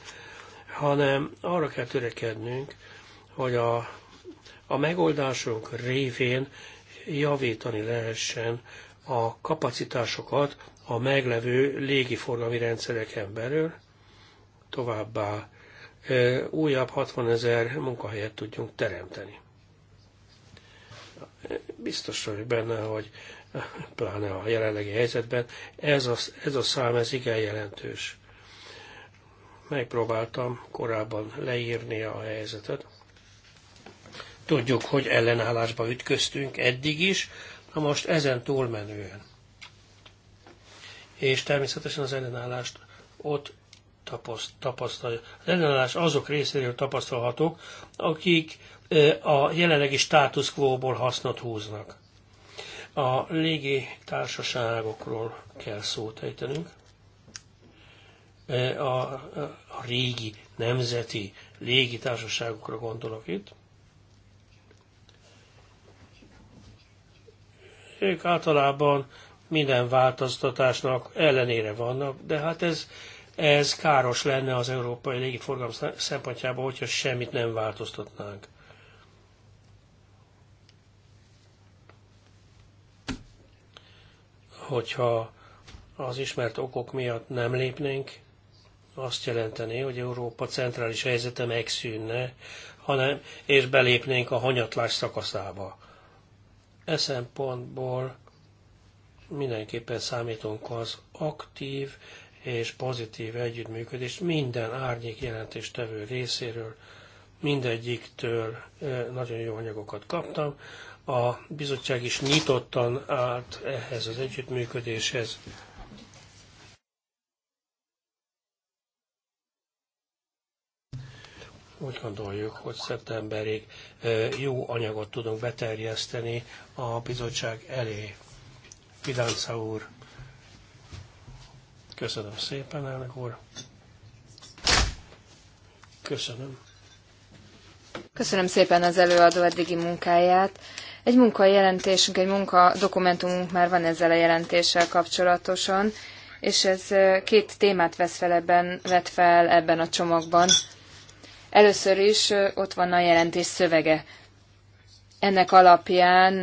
hanem arra kell törekednünk, hogy a, a megoldásunk révén javítani lehessen a kapacitásokat a meglevő légiforgalmi rendszereken belül, továbbá újabb 60 ezer munkahelyet tudjunk teremteni. Biztos vagyok benne, hogy pláne a jelenlegi helyzetben ez a, ez a szám ez igen jelentős. Megpróbáltam korábban leírni a helyzetet. Tudjuk, hogy ellenállásba ütköztünk eddig is, na most ezen túlmenően. És természetesen az ellenállást ott tapasztalja. Az ellenállás azok részéről tapasztalhatók, akik a jelenlegi status quo-ból hasznot húznak. A légi társaságokról kell szót ejtenünk. A, a régi nemzeti légi társaságokra gondolok itt. Ők általában minden változtatásnak ellenére vannak, de hát ez, ez káros lenne az európai légiforgalom szempontjából, hogyha semmit nem változtatnánk. Hogyha az ismert okok miatt nem lépnénk, azt jelenteni, hogy Európa centrális helyzete megszűnne, hanem, és belépnénk a hanyatlás szakaszába. E szempontból mindenképpen számítunk az aktív és pozitív együttműködés minden árnyék jelentéstevő részéről, mindegyiktől e, nagyon jó anyagokat kaptam. A bizottság is nyitottan állt ehhez az együttműködéshez. Úgy gondoljuk, hogy szeptemberig jó anyagot tudunk beterjeszteni a bizottság elé. Fidánca úr, köszönöm szépen, elnök úr. Köszönöm. Köszönöm szépen az előadó eddigi munkáját. Egy munkajelentésünk, egy munka dokumentumunk már van ezzel a jelentéssel kapcsolatosan, és ez két témát vesz fel ebben, vet fel ebben a csomagban. Először is ott van a jelentés szövege. Ennek alapján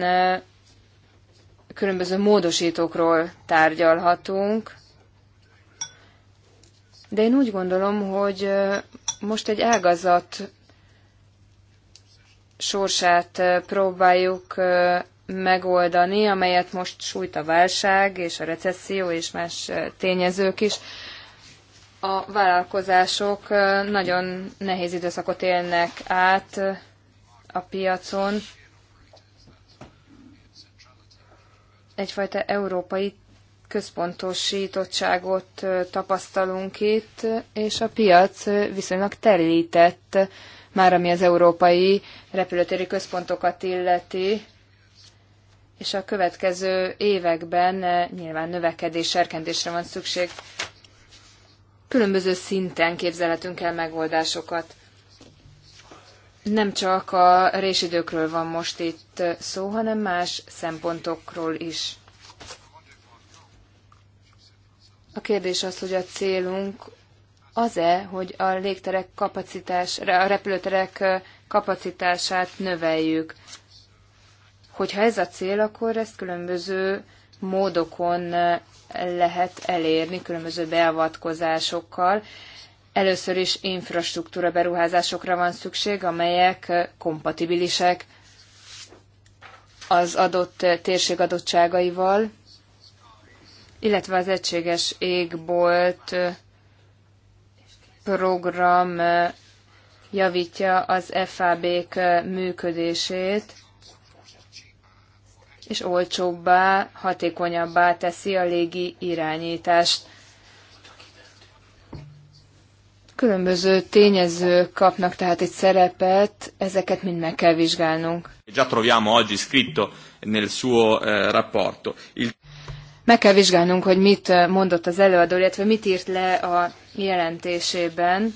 különböző módosítókról tárgyalhatunk, de én úgy gondolom, hogy most egy ágazat sorsát próbáljuk megoldani, amelyet most sújt a válság és a recesszió és más tényezők is a vállalkozások nagyon nehéz időszakot élnek át a piacon. Egyfajta európai központosítottságot tapasztalunk itt, és a piac viszonylag telített, már ami az európai repülőtéri központokat illeti, és a következő években nyilván növekedés, serkentésre van szükség különböző szinten képzelhetünk el megoldásokat. Nem csak a résidőkről van most itt szó, hanem más szempontokról is. A kérdés az, hogy a célunk az-e, hogy a légterek kapacitás, a repülőterek kapacitását növeljük. Hogyha ez a cél, akkor ezt különböző módokon lehet elérni különböző beavatkozásokkal. Először is infrastruktúra beruházásokra van szükség, amelyek kompatibilisek az adott térség adottságaival, illetve az egységes égbolt program javítja az FAB-k működését, és olcsóbbá, hatékonyabbá teszi a légi irányítást. Különböző tényezők kapnak tehát egy szerepet, ezeket mind meg kell vizsgálnunk. Già troviamo oggi scritto nel suo eh, rapporto. Il... Meg kell vizsgálnunk, hogy mit eh, mondott az előadó, illetve mit írt le a jelentésében.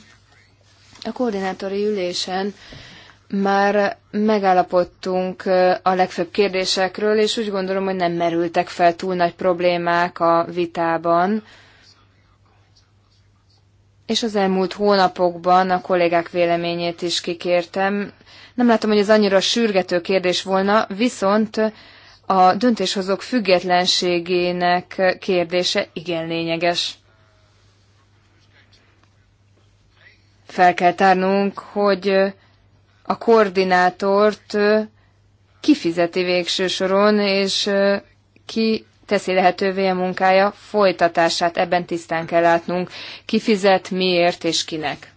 A koordinátori ülésen már megállapodtunk a legfőbb kérdésekről, és úgy gondolom, hogy nem merültek fel túl nagy problémák a vitában. És az elmúlt hónapokban a kollégák véleményét is kikértem. Nem látom, hogy ez annyira sürgető kérdés volna, viszont a döntéshozók függetlenségének kérdése igen lényeges. Fel kell tárnunk, hogy a koordinátort kifizeti végső soron, és ki teszi lehetővé a munkája folytatását, ebben tisztán kell látnunk, ki fizet, miért és kinek.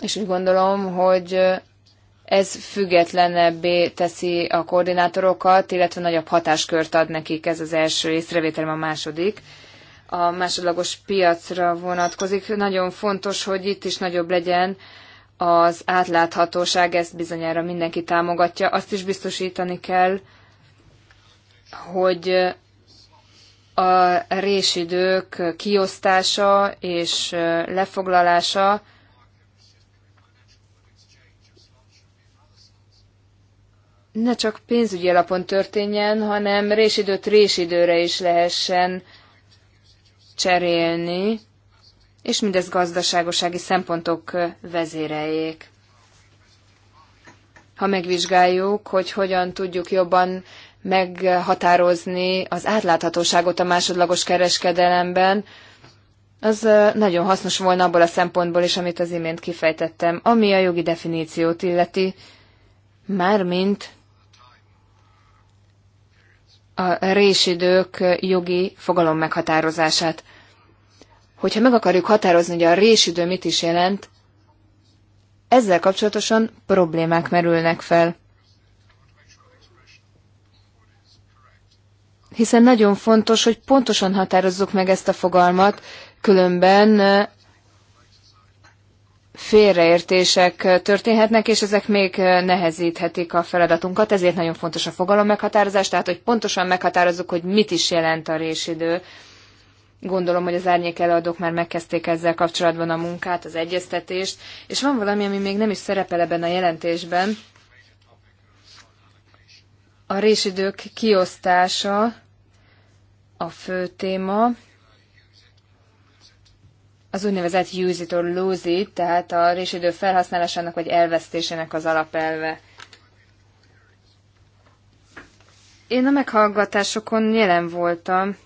És úgy gondolom, hogy ez függetlenebbé teszi a koordinátorokat, illetve nagyobb hatáskört ad nekik, ez az első észrevételem, a második. A másodlagos piacra vonatkozik. Nagyon fontos, hogy itt is nagyobb legyen az átláthatóság, ezt bizonyára mindenki támogatja. Azt is biztosítani kell, hogy a résidők kiosztása és lefoglalása ne csak pénzügyi alapon történjen, hanem résidőt résidőre is lehessen cserélni és mindez gazdaságosági szempontok vezéreljék. Ha megvizsgáljuk, hogy hogyan tudjuk jobban meghatározni az átláthatóságot a másodlagos kereskedelemben, az nagyon hasznos volna abból a szempontból is, amit az imént kifejtettem, ami a jogi definíciót illeti, mármint a résidők jogi fogalom meghatározását hogyha meg akarjuk határozni, hogy a résidő mit is jelent, ezzel kapcsolatosan problémák merülnek fel. Hiszen nagyon fontos, hogy pontosan határozzuk meg ezt a fogalmat, különben félreértések történhetnek, és ezek még nehezíthetik a feladatunkat, ezért nagyon fontos a fogalom meghatározás, tehát hogy pontosan meghatározzuk, hogy mit is jelent a résidő Gondolom, hogy az árnyék előadók már megkezdték ezzel kapcsolatban a munkát, az egyeztetést, és van valami, ami még nem is szerepel ebben a jelentésben. A résidők kiosztása a fő téma, az úgynevezett use it or lose it, tehát a résidő felhasználásának vagy elvesztésének az alapelve. Én a meghallgatásokon jelen voltam,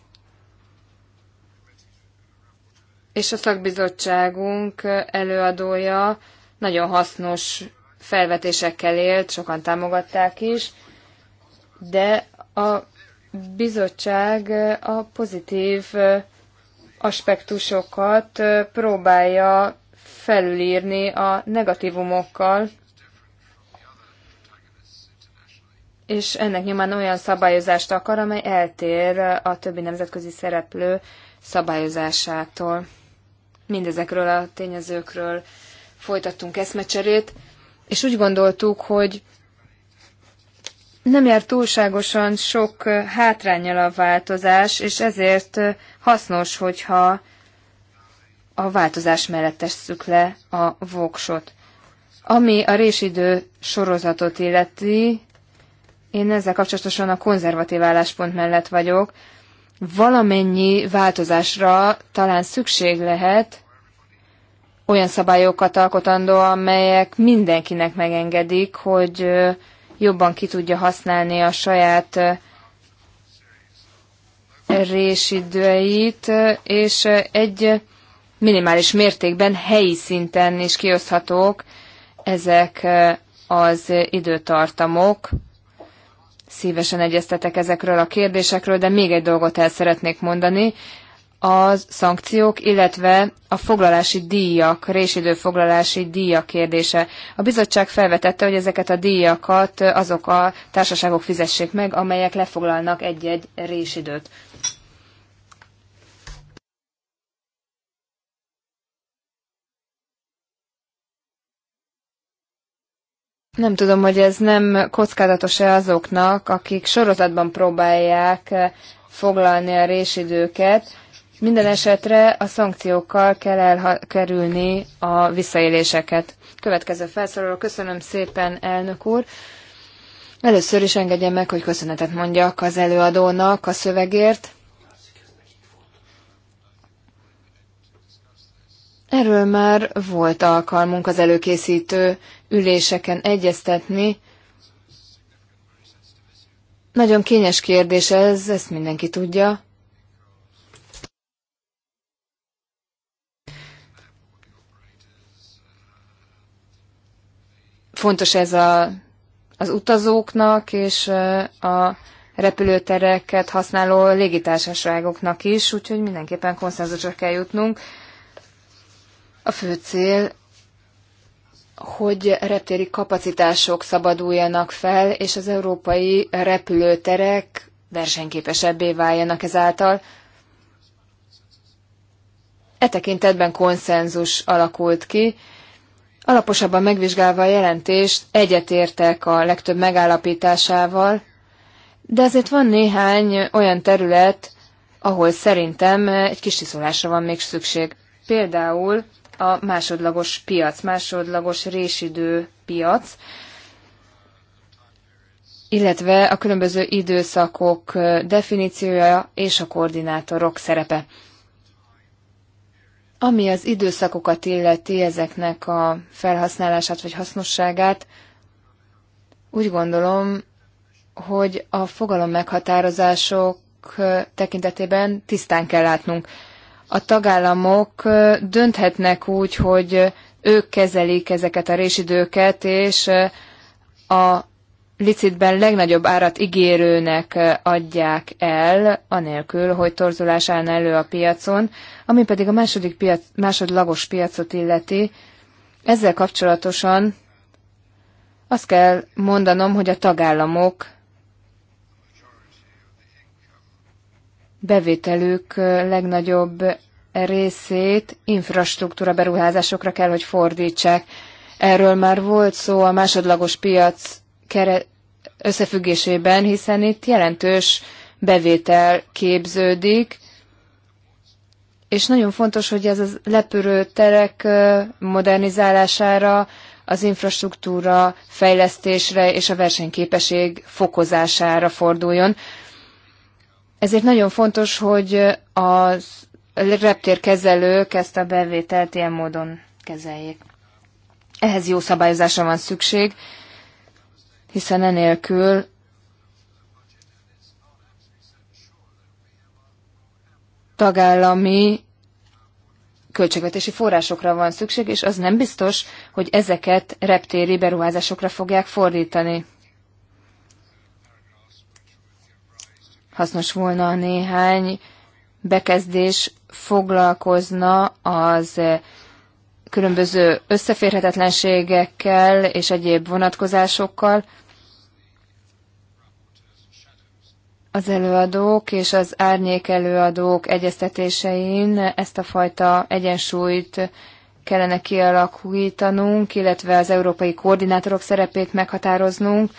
és a szakbizottságunk előadója nagyon hasznos felvetésekkel élt, sokan támogatták is, de a bizottság a pozitív aspektusokat próbálja felülírni a negatívumokkal, és ennek nyomán olyan szabályozást akar, amely eltér a többi nemzetközi szereplő szabályozásától mindezekről a tényezőkről folytattunk eszmecserét, és úgy gondoltuk, hogy nem jár túlságosan sok hátrányal a változás, és ezért hasznos, hogyha a változás mellett tesszük le a voksot. Ami a résidő sorozatot illeti, én ezzel kapcsolatosan a konzervatív álláspont mellett vagyok, valamennyi változásra talán szükség lehet, olyan szabályokat alkotandó, amelyek mindenkinek megengedik, hogy jobban ki tudja használni a saját résidőit, és egy minimális mértékben helyi szinten is kioszthatók ezek az időtartamok Szívesen egyeztetek ezekről a kérdésekről, de még egy dolgot el szeretnék mondani. A szankciók, illetve a foglalási díjak, résidő foglalási díjak kérdése. A bizottság felvetette, hogy ezeket a díjakat azok a társaságok fizessék meg, amelyek lefoglalnak egy-egy résidőt. Nem tudom, hogy ez nem kockázatos-e azoknak, akik sorozatban próbálják eh, foglalni a résidőket. Minden esetre a szankciókkal kell elkerülni a visszaéléseket. Következő felszólaló, köszönöm szépen, elnök úr. Először is engedje meg, hogy köszönetet mondjak az előadónak a szövegért. Erről már volt alkalmunk az előkészítő üléseken egyeztetni. Nagyon kényes kérdés ez, ezt mindenki tudja. Fontos ez a, az utazóknak és a repülőtereket használó légitársaságoknak is, úgyhogy mindenképpen konszenzusra kell jutnunk. A fő cél, hogy reptéri kapacitások szabaduljanak fel, és az európai repülőterek versenyképesebbé váljanak ezáltal. E tekintetben konszenzus alakult ki. Alaposabban megvizsgálva a jelentést, egyetértek a legtöbb megállapításával, de azért van néhány olyan terület, ahol szerintem egy kis tiszolásra van még szükség. Például a másodlagos piac, másodlagos résidő piac, illetve a különböző időszakok definíciója és a koordinátorok szerepe. Ami az időszakokat illeti ezeknek a felhasználását vagy hasznosságát, úgy gondolom, hogy a fogalom meghatározások tekintetében tisztán kell látnunk a tagállamok dönthetnek úgy, hogy ők kezelik ezeket a résidőket, és a licitben legnagyobb árat ígérőnek adják el, anélkül, hogy torzulás állna elő a piacon, ami pedig a második piac, másodlagos piacot illeti. Ezzel kapcsolatosan azt kell mondanom, hogy a tagállamok bevételük legnagyobb részét infrastruktúra beruházásokra kell, hogy fordítsák. Erről már volt szó a másodlagos piac összefüggésében, hiszen itt jelentős bevétel képződik, és nagyon fontos, hogy ez a lepörő terek modernizálására, az infrastruktúra fejlesztésre és a versenyképesség fokozására forduljon. Ezért nagyon fontos, hogy a reptérkezelők ezt a bevételt ilyen módon kezeljék. Ehhez jó szabályozásra van szükség, hiszen enélkül tagállami költségvetési forrásokra van szükség, és az nem biztos, hogy ezeket reptéri beruházásokra fogják fordítani. hasznos volna néhány bekezdés foglalkozna az eh, különböző összeférhetetlenségekkel és egyéb vonatkozásokkal. Az előadók és az árnyék előadók egyeztetésein ezt a fajta egyensúlyt kellene kialakítanunk, illetve az európai koordinátorok szerepét meghatároznunk,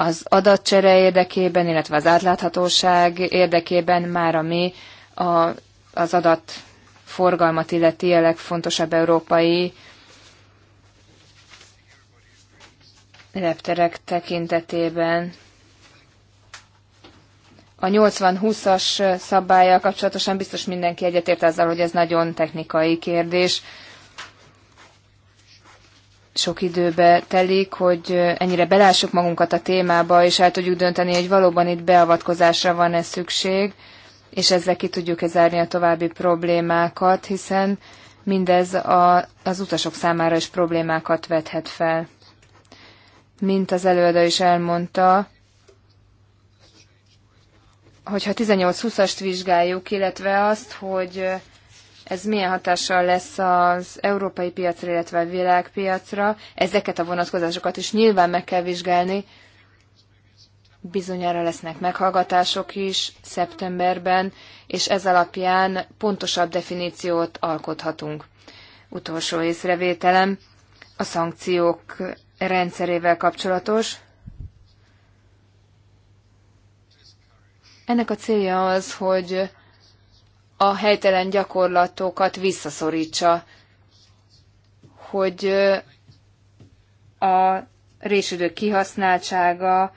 az adatcsere érdekében, illetve az átláthatóság érdekében már ami a, az adat forgalmat illeti a legfontosabb európai repterek tekintetében. A 80-20-as szabályjal kapcsolatosan biztos mindenki egyetért azzal, hogy ez nagyon technikai kérdés, sok időbe telik, hogy ennyire belássuk magunkat a témába, és el tudjuk dönteni, hogy valóban itt beavatkozásra van-e szükség, és ezzel ki tudjuk zárni a további problémákat, hiszen mindez a, az utasok számára is problémákat vethet fel. Mint az előadó is elmondta, hogyha 18-20-ast vizsgáljuk, illetve azt, hogy ez milyen hatással lesz az európai piacra, illetve a világpiacra. Ezeket a vonatkozásokat is nyilván meg kell vizsgálni. Bizonyára lesznek meghallgatások is szeptemberben, és ez alapján pontosabb definíciót alkothatunk. Utolsó észrevételem a szankciók rendszerével kapcsolatos. Ennek a célja az, hogy a helytelen gyakorlatokat visszaszorítsa, hogy a résüdők kihasználtsága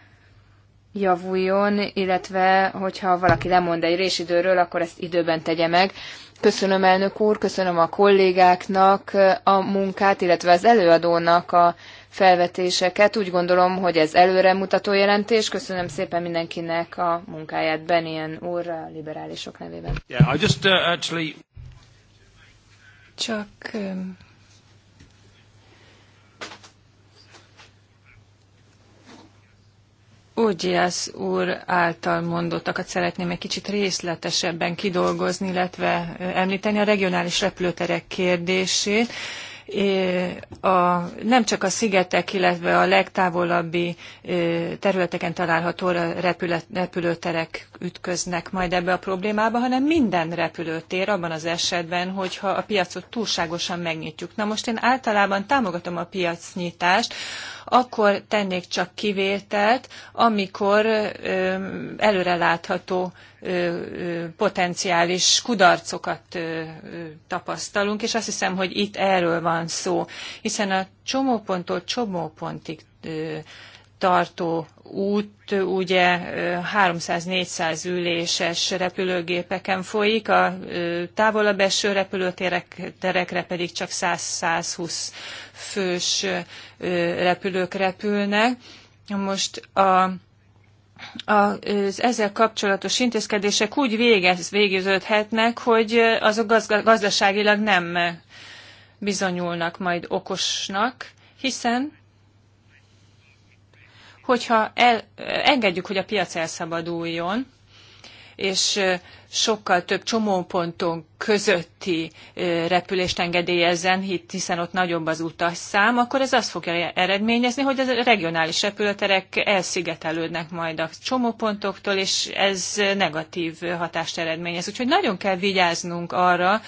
javuljon, illetve hogyha valaki lemond egy résidőről, akkor ezt időben tegye meg. Köszönöm elnök úr, köszönöm a kollégáknak a munkát, illetve az előadónak a felvetéseket. Úgy gondolom, hogy ez előremutató jelentés. Köszönöm szépen mindenkinek a munkáját Benien úr a liberálisok nevében. Yeah, I just, uh, actually... Csak um... Ógyiász úr által mondottakat szeretném egy kicsit részletesebben kidolgozni, illetve uh, említeni a regionális repülőterek kérdését a, nem csak a szigetek, illetve a legtávolabbi területeken található repület, repülőterek ütköznek majd ebbe a problémába, hanem minden repülőtér abban az esetben, hogyha a piacot túlságosan megnyitjuk. Na most én általában támogatom a piacnyitást, akkor tennék csak kivételt, amikor előrelátható potenciális kudarcokat tapasztalunk, és azt hiszem, hogy itt erről van szó, hiszen a csomóponttól csomópontig tartó út ugye 300-400 üléses repülőgépeken folyik, a távolabb eső repülőterekre pedig csak 100-120 fős repülők repülnek. Most a az ezzel kapcsolatos intézkedések úgy végez, végződhetnek, hogy azok gazda, gazdaságilag nem bizonyulnak majd okosnak, hiszen hogyha el, engedjük, hogy a piac elszabaduljon, és sokkal több csomóponton közötti repülést engedélyezzen, hiszen ott nagyobb az utasszám, akkor ez azt fogja eredményezni, hogy a regionális repülőterek elszigetelődnek majd a csomópontoktól, és ez negatív hatást eredményez. Úgyhogy nagyon kell vigyáznunk arra,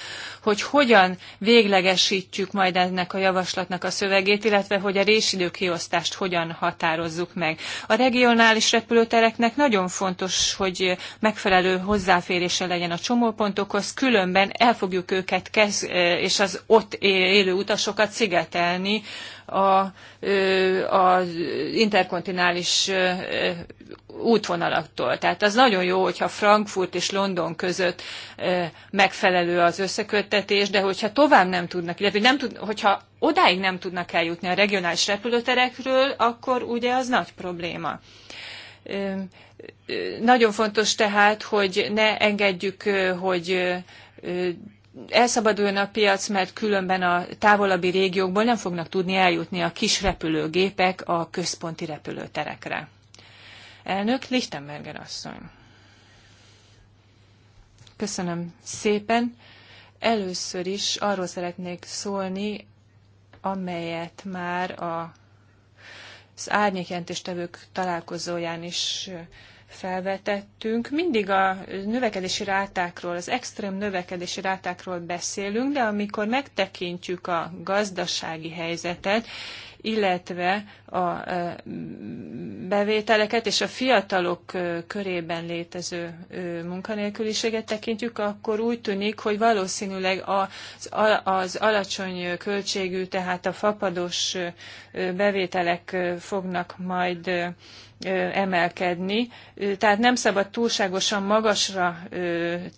hogy hogyan véglegesítjük majd ennek a javaslatnak a szövegét, illetve hogy a résidőkiosztást hogyan határozzuk meg. A regionális repülőtereknek nagyon fontos, hogy megfelelő hozzáférés hozzáférése legyen a csomópontokhoz, különben el fogjuk őket kez, és az ott élő utasokat szigetelni az interkontinális útvonalaktól. Tehát az nagyon jó, hogyha Frankfurt és London között megfelelő az összeköttetés, de hogyha tovább nem tudnak, illetve nem tud, hogyha odáig nem tudnak eljutni a regionális repülőterekről, akkor ugye az nagy probléma. Nagyon fontos tehát, hogy ne engedjük, hogy elszabaduljon a piac, mert különben a távolabbi régiókból nem fognak tudni eljutni a kis repülőgépek a központi repülőterekre. Elnök Lichtenberger asszony. Köszönöm szépen. Először is arról szeretnék szólni, amelyet már a az árnyékjelentéstevők találkozóján is felvetettünk. Mindig a növekedési rátákról, az extrém növekedési rátákról beszélünk, de amikor megtekintjük a gazdasági helyzetet, illetve a bevételeket és a fiatalok körében létező munkanélküliséget tekintjük, akkor úgy tűnik, hogy valószínűleg az, az alacsony költségű, tehát a fapados bevételek fognak majd emelkedni. Tehát nem szabad túlságosan magasra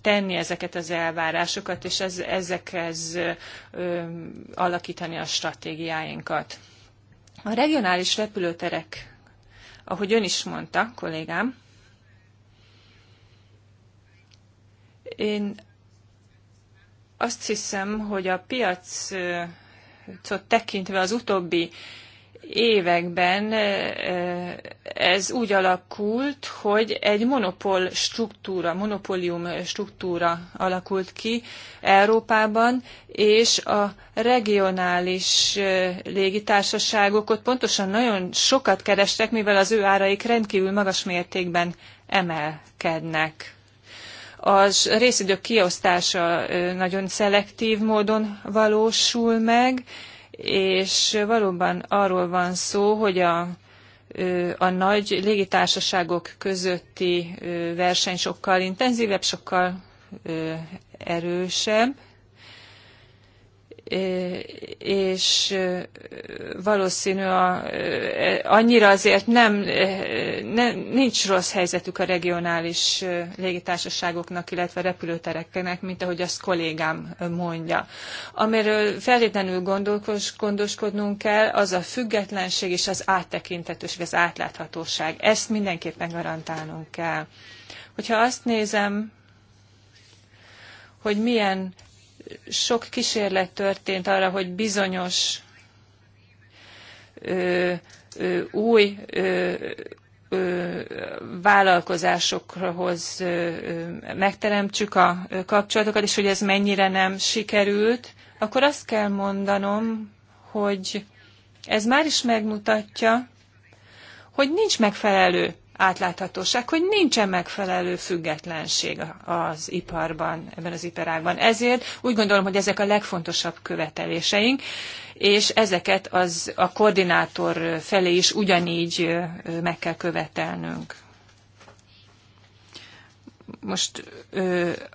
tenni ezeket az elvárásokat, és ez, ezekhez alakítani a stratégiáinkat. A regionális repülőterek, ahogy ön is mondta, kollégám, én azt hiszem, hogy a piacot tekintve az utóbbi években ez úgy alakult, hogy egy monopól struktúra, monopólium struktúra alakult ki Európában, és a regionális légitársaságok ott pontosan nagyon sokat kerestek, mivel az ő áraik rendkívül magas mértékben emelkednek. Az részidők kiosztása nagyon szelektív módon valósul meg, és valóban arról van szó, hogy a, a nagy légitársaságok közötti verseny sokkal intenzívebb, sokkal erősebb, és valószínű a, annyira azért nem, nem, nincs rossz helyzetük a regionális légitársaságoknak, illetve repülőtereknek, mint ahogy azt kollégám mondja. Amiről feltétlenül gondolkos, gondoskodnunk kell, az a függetlenség és az áttekintetőség, az átláthatóság. Ezt mindenképpen garantálnunk kell. Hogyha azt nézem, hogy milyen sok kísérlet történt arra, hogy bizonyos ö, ö, új ö, vállalkozásokhoz megteremtsük a kapcsolatokat, és hogy ez mennyire nem sikerült, akkor azt kell mondanom, hogy ez már is megmutatja, hogy nincs megfelelő átláthatóság, hogy nincsen megfelelő függetlenség az iparban, ebben az iparágban. Ezért úgy gondolom, hogy ezek a legfontosabb követeléseink, és ezeket az a koordinátor felé is ugyanígy meg kell követelnünk most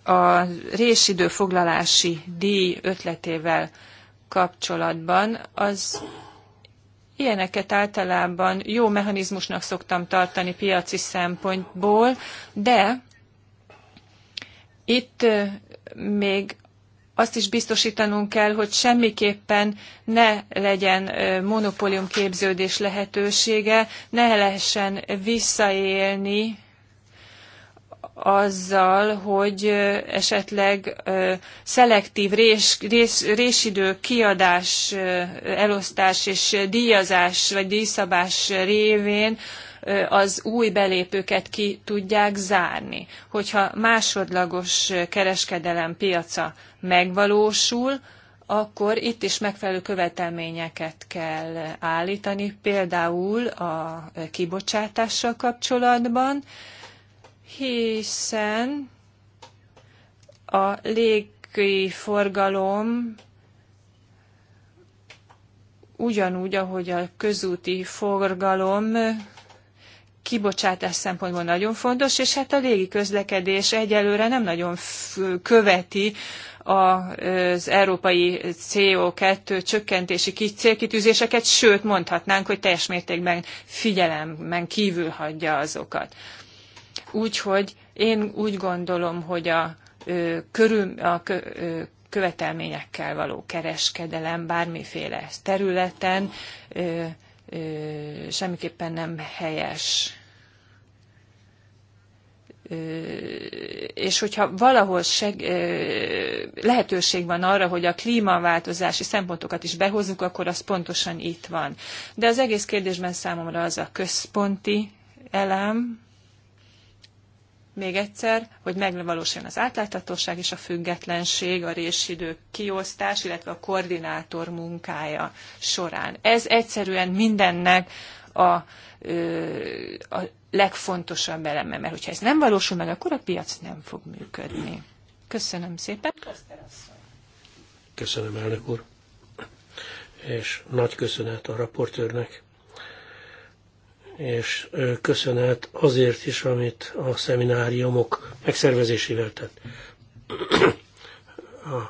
a résidő foglalási díj ötletével kapcsolatban az Ilyeneket általában jó mechanizmusnak szoktam tartani piaci szempontból, de itt még azt is biztosítanunk kell, hogy semmiképpen ne legyen monopólium képződés lehetősége, ne lehessen visszaélni azzal, hogy esetleg szelektív rés, rés, résidő kiadás, elosztás és díjazás vagy díjszabás révén az új belépőket ki tudják zárni. Hogyha másodlagos kereskedelem piaca megvalósul, akkor itt is megfelelő követelményeket kell állítani, például a kibocsátással kapcsolatban, hiszen a forgalom ugyanúgy, ahogy a közúti forgalom kibocsátás szempontból nagyon fontos, és hát a légi közlekedés egyelőre nem nagyon követi az európai CO2 csökkentési célkitűzéseket, sőt mondhatnánk, hogy teljes mértékben figyelemben kívül hagyja azokat. Úgyhogy én úgy gondolom, hogy a, ö, körül, a kö, ö, követelményekkel való kereskedelem bármiféle területen ö, ö, semmiképpen nem helyes. és hogyha valahol seg, lehetőség van arra, hogy a klímaváltozási szempontokat is behozzuk, akkor az pontosan itt van. De az egész kérdésben számomra az a központi elem, még egyszer, hogy megvalósuljon az átláthatóság és a függetlenség, a résidők kiosztás, illetve a koordinátor munkája során. Ez egyszerűen mindennek a, a legfontosabb eleme, mert hogyha ez nem valósul meg, akkor a piac nem fog működni. Köszönöm szépen. Köszönöm, elnök úr. És nagy köszönet a raportőrnek és köszönet azért is, amit a szemináriumok megszervezésével tett. A,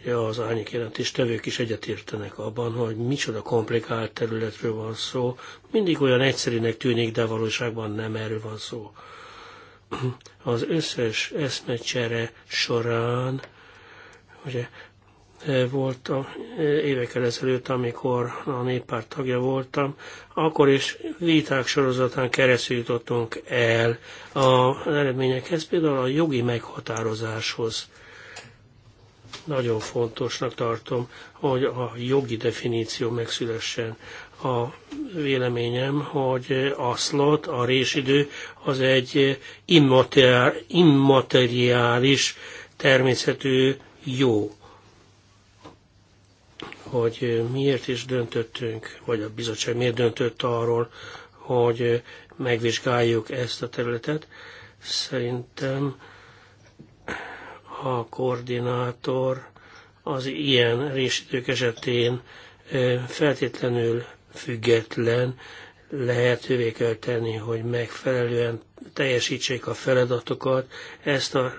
ugye az árnyék tevők is egyetértenek abban, hogy micsoda komplikált területről van szó. Mindig olyan egyszerűnek tűnik, de valóságban nem erről van szó. Az összes eszmecsere során ugye, volt a e, évekkel ezelőtt, amikor a néppárt tagja voltam, akkor is viták sorozatán keresztül jutottunk el az eredményekhez, például a jogi meghatározáshoz. Nagyon fontosnak tartom, hogy a jogi definíció megszülessen. A véleményem, hogy a szlot, a résidő az egy immateriális természetű jó hogy miért is döntöttünk, vagy a bizottság miért döntött arról, hogy megvizsgáljuk ezt a területet. Szerintem a koordinátor az ilyen részítők esetén feltétlenül független, lehetővé kell tenni, hogy megfelelően teljesítsék a feladatokat, ezt a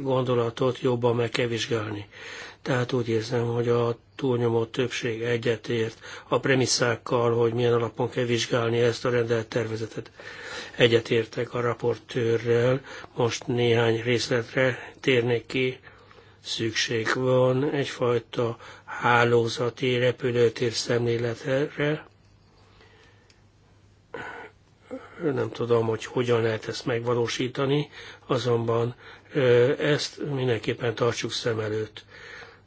gondolatot jobban meg kell vizsgálni. Tehát úgy érzem, hogy a túlnyomó többség egyetért a premisszákkal, hogy milyen alapon kell vizsgálni ezt a rendelt tervezetet. Egyetértek a raportőrrel, most néhány részletre térnék ki. Szükség van egyfajta hálózati repülőtér szemléletre. Nem tudom, hogy hogyan lehet ezt megvalósítani, azonban ezt mindenképpen tartsuk szem előtt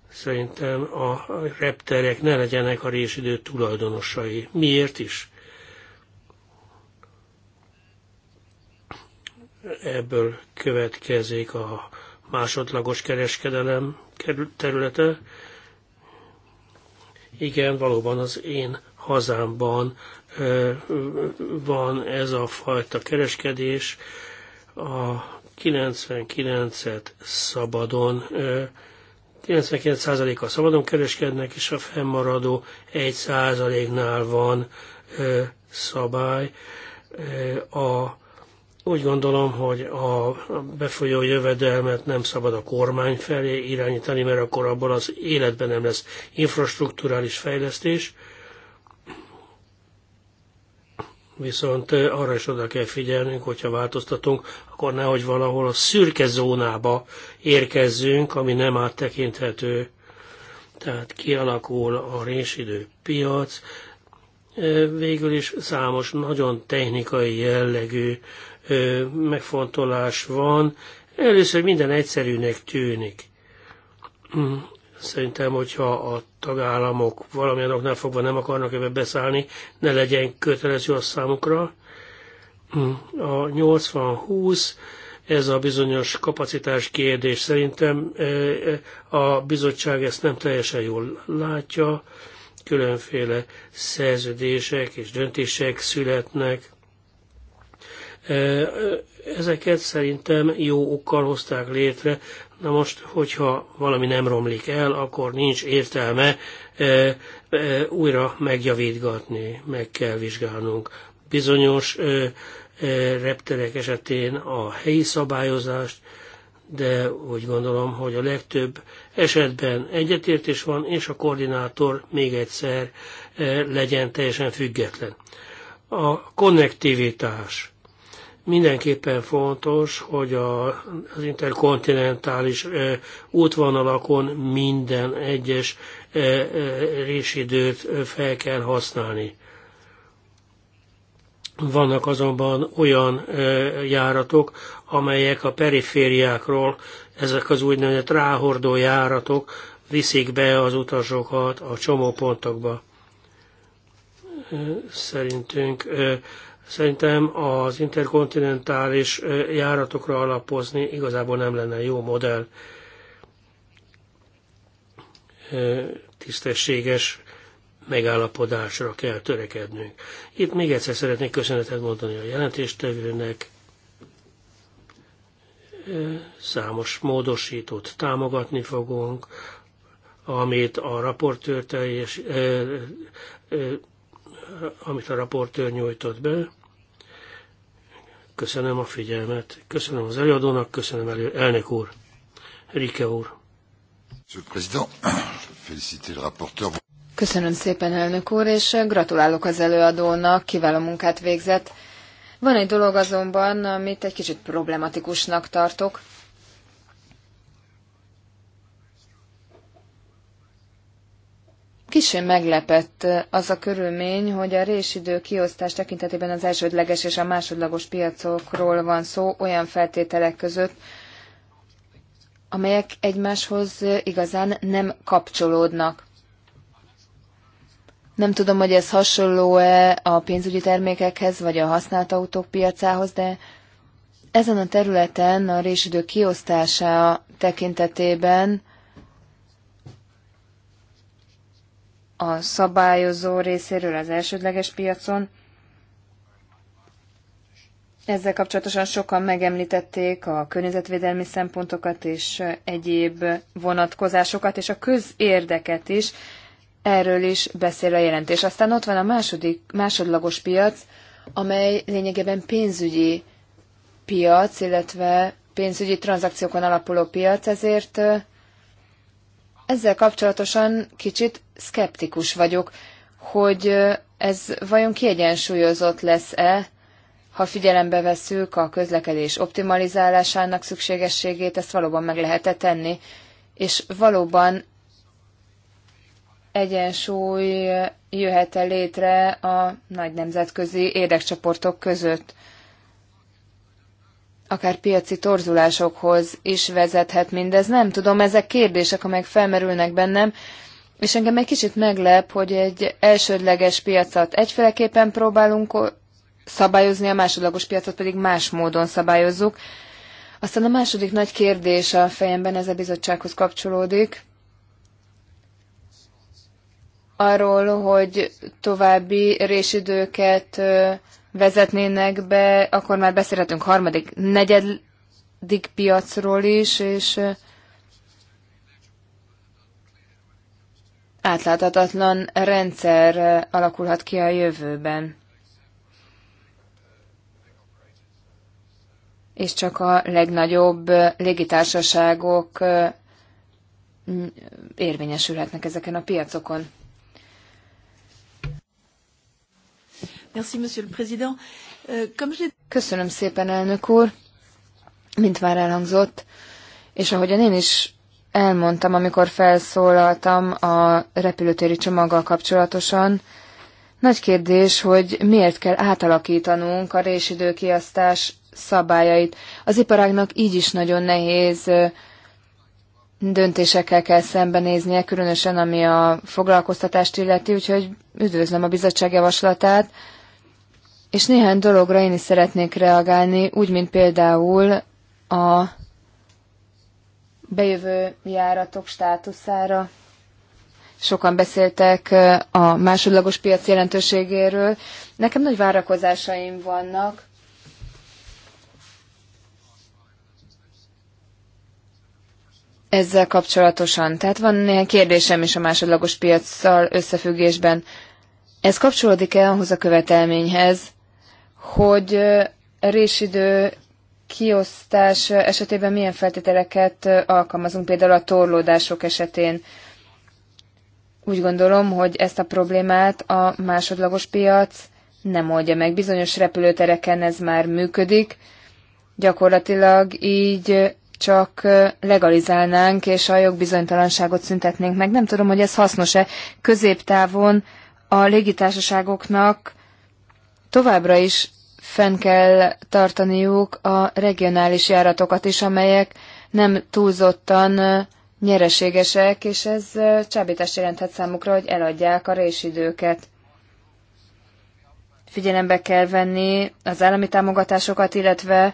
Szerintem a repterek ne legyenek a résidő tulajdonosai. Miért is? Ebből következik a másodlagos kereskedelem területe. Igen, valóban az én hazámban van ez a fajta kereskedés. A 99-et szabadon 99%-a szabadon kereskednek, és a fennmaradó 1%-nál van ö, szabály. Ö, a, úgy gondolom, hogy a befolyó jövedelmet nem szabad a kormány felé irányítani, mert akkor abból az életben nem lesz infrastruktúrális fejlesztés. viszont arra is oda kell figyelnünk, hogyha változtatunk, akkor nehogy valahol a szürke zónába érkezzünk, ami nem áttekinthető. Tehát kialakul a résidő piac, végül is számos nagyon technikai jellegű megfontolás van. Először minden egyszerűnek tűnik. Mm. Szerintem, hogyha a tagállamok valamilyen oknál fogva nem akarnak ebbe beszállni, ne legyen kötelező a számukra. Hmm. A 80-20, ez a bizonyos kapacitás kérdés szerintem e, e, a bizottság ezt nem teljesen jól látja, különféle szerződések és döntések születnek, Ezeket szerintem jó okkal hozták létre. Na most, hogyha valami nem romlik el, akkor nincs értelme újra megjavítgatni, meg kell vizsgálnunk. Bizonyos repterek esetén a helyi szabályozást, de úgy gondolom, hogy a legtöbb esetben egyetértés van, és a koordinátor még egyszer legyen teljesen független. A konnektivitás Mindenképpen fontos, hogy a, az interkontinentális útvonalakon minden egyes résidőt fel kell használni. Vannak azonban olyan járatok, amelyek a perifériákról, ezek az úgynevezett ráhordó járatok viszik be az utasokat a csomópontokba. Szerintünk Szerintem az interkontinentális járatokra alapozni igazából nem lenne jó modell. Tisztességes megállapodásra kell törekednünk. Itt még egyszer szeretnék köszönetet mondani a jelentéstevőnek. Számos módosítót támogatni fogunk, amit a raportőr teljes, amit a raportőr nyújtott be. Köszönöm a figyelmet, köszönöm az előadónak, köszönöm elő, elnök úr, Rike úr. Köszönöm szépen, elnök úr, és gratulálok az előadónak, kiváló munkát végzett. Van egy dolog azonban, amit egy kicsit problematikusnak tartok. kicsi meglepett az a körülmény, hogy a résidő kiosztás tekintetében az elsődleges és a másodlagos piacokról van szó olyan feltételek között, amelyek egymáshoz igazán nem kapcsolódnak. Nem tudom, hogy ez hasonló-e a pénzügyi termékekhez, vagy a használt autók piacához, de ezen a területen a résidő kiosztása tekintetében a szabályozó részéről az elsődleges piacon. Ezzel kapcsolatosan sokan megemlítették a környezetvédelmi szempontokat és egyéb vonatkozásokat, és a közérdeket is. Erről is beszél a jelentés. Aztán ott van a második, másodlagos piac, amely lényegében pénzügyi piac, illetve pénzügyi tranzakciókon alapuló piac, ezért ezzel kapcsolatosan kicsit szkeptikus vagyok, hogy ez vajon kiegyensúlyozott lesz-e, ha figyelembe veszük a közlekedés optimalizálásának szükségességét, ezt valóban meg lehet -e tenni, és valóban egyensúly jöhet-e létre a nagy nemzetközi érdekcsoportok között akár piaci torzulásokhoz is vezethet mindez. Nem tudom, ezek kérdések, amelyek felmerülnek bennem, és engem egy kicsit meglep, hogy egy elsődleges piacot egyféleképpen próbálunk szabályozni, a másodlagos piacot pedig más módon szabályozzuk. Aztán a második nagy kérdés a fejemben ez a bizottsághoz kapcsolódik. Arról, hogy további résidőket vezetnének be, akkor már beszélhetünk harmadik, negyedik piacról is, és átláthatatlan rendszer alakulhat ki a jövőben. És csak a legnagyobb légitársaságok érvényesülhetnek ezeken a piacokon. Euh, Köszönöm szépen, elnök úr, mint már elhangzott, és ahogyan én is elmondtam, amikor felszólaltam a repülőtéri csomaggal kapcsolatosan, nagy kérdés, hogy miért kell átalakítanunk a résidőkiasztás szabályait. Az iparágnak így is nagyon nehéz döntésekkel kell szembenéznie, különösen ami a foglalkoztatást illeti, úgyhogy üdvözlöm a bizottság javaslatát, és néhány dologra én is szeretnék reagálni, úgy, mint például a bejövő járatok státuszára. Sokan beszéltek a másodlagos piac jelentőségéről. Nekem nagy várakozásaim vannak. Ezzel kapcsolatosan. Tehát van néhány kérdésem is a másodlagos piacsal összefüggésben. Ez kapcsolódik-e ahhoz a követelményhez, hogy résidő kiosztás esetében milyen feltételeket alkalmazunk, például a torlódások esetén. Úgy gondolom, hogy ezt a problémát a másodlagos piac nem oldja meg. Bizonyos repülőtereken ez már működik, gyakorlatilag így csak legalizálnánk, és a jogbizonytalanságot szüntetnénk meg. Nem tudom, hogy ez hasznos-e. Középtávon a légitársaságoknak Továbbra is fenn kell tartaniuk a regionális járatokat is, amelyek nem túlzottan nyereségesek, és ez csábítást jelenthet számukra, hogy eladják a résidőket. Figyelembe kell venni az állami támogatásokat, illetve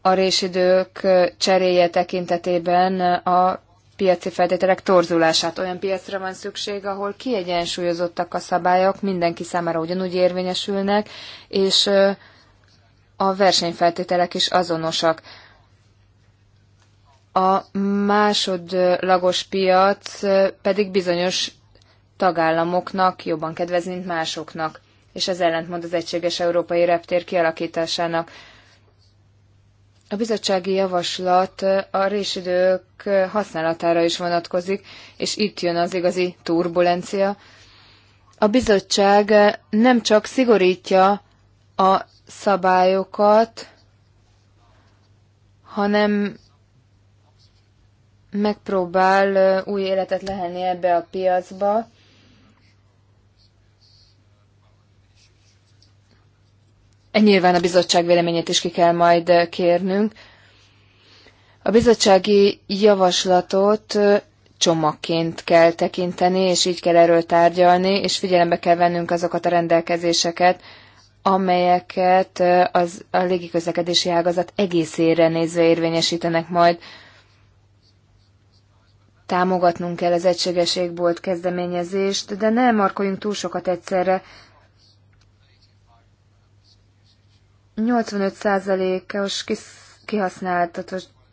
a résidők cseréje tekintetében a piaci feltételek torzulását. Olyan piacra van szükség, ahol kiegyensúlyozottak a szabályok, mindenki számára ugyanúgy érvényesülnek, és a versenyfeltételek is azonosak. A másodlagos piac pedig bizonyos tagállamoknak jobban kedvez, mint másoknak, és ez ellentmond az egységes európai reptér kialakításának. A bizottsági javaslat a résidők használatára is vonatkozik, és itt jön az igazi turbulencia. A bizottság nem csak szigorítja a szabályokat, hanem megpróbál új életet lehenni ebbe a piacba, Nyilván a bizottság véleményét is ki kell majd eh, kérnünk. A bizottsági javaslatot eh, csomagként kell tekinteni, és így kell erről tárgyalni, és figyelembe kell vennünk azokat a rendelkezéseket, amelyeket eh, az, a légiközlekedési ágazat egészére nézve érvényesítenek majd. Támogatnunk kell az egységeségbolt kezdeményezést, de ne markoljunk túl sokat egyszerre, 85%-os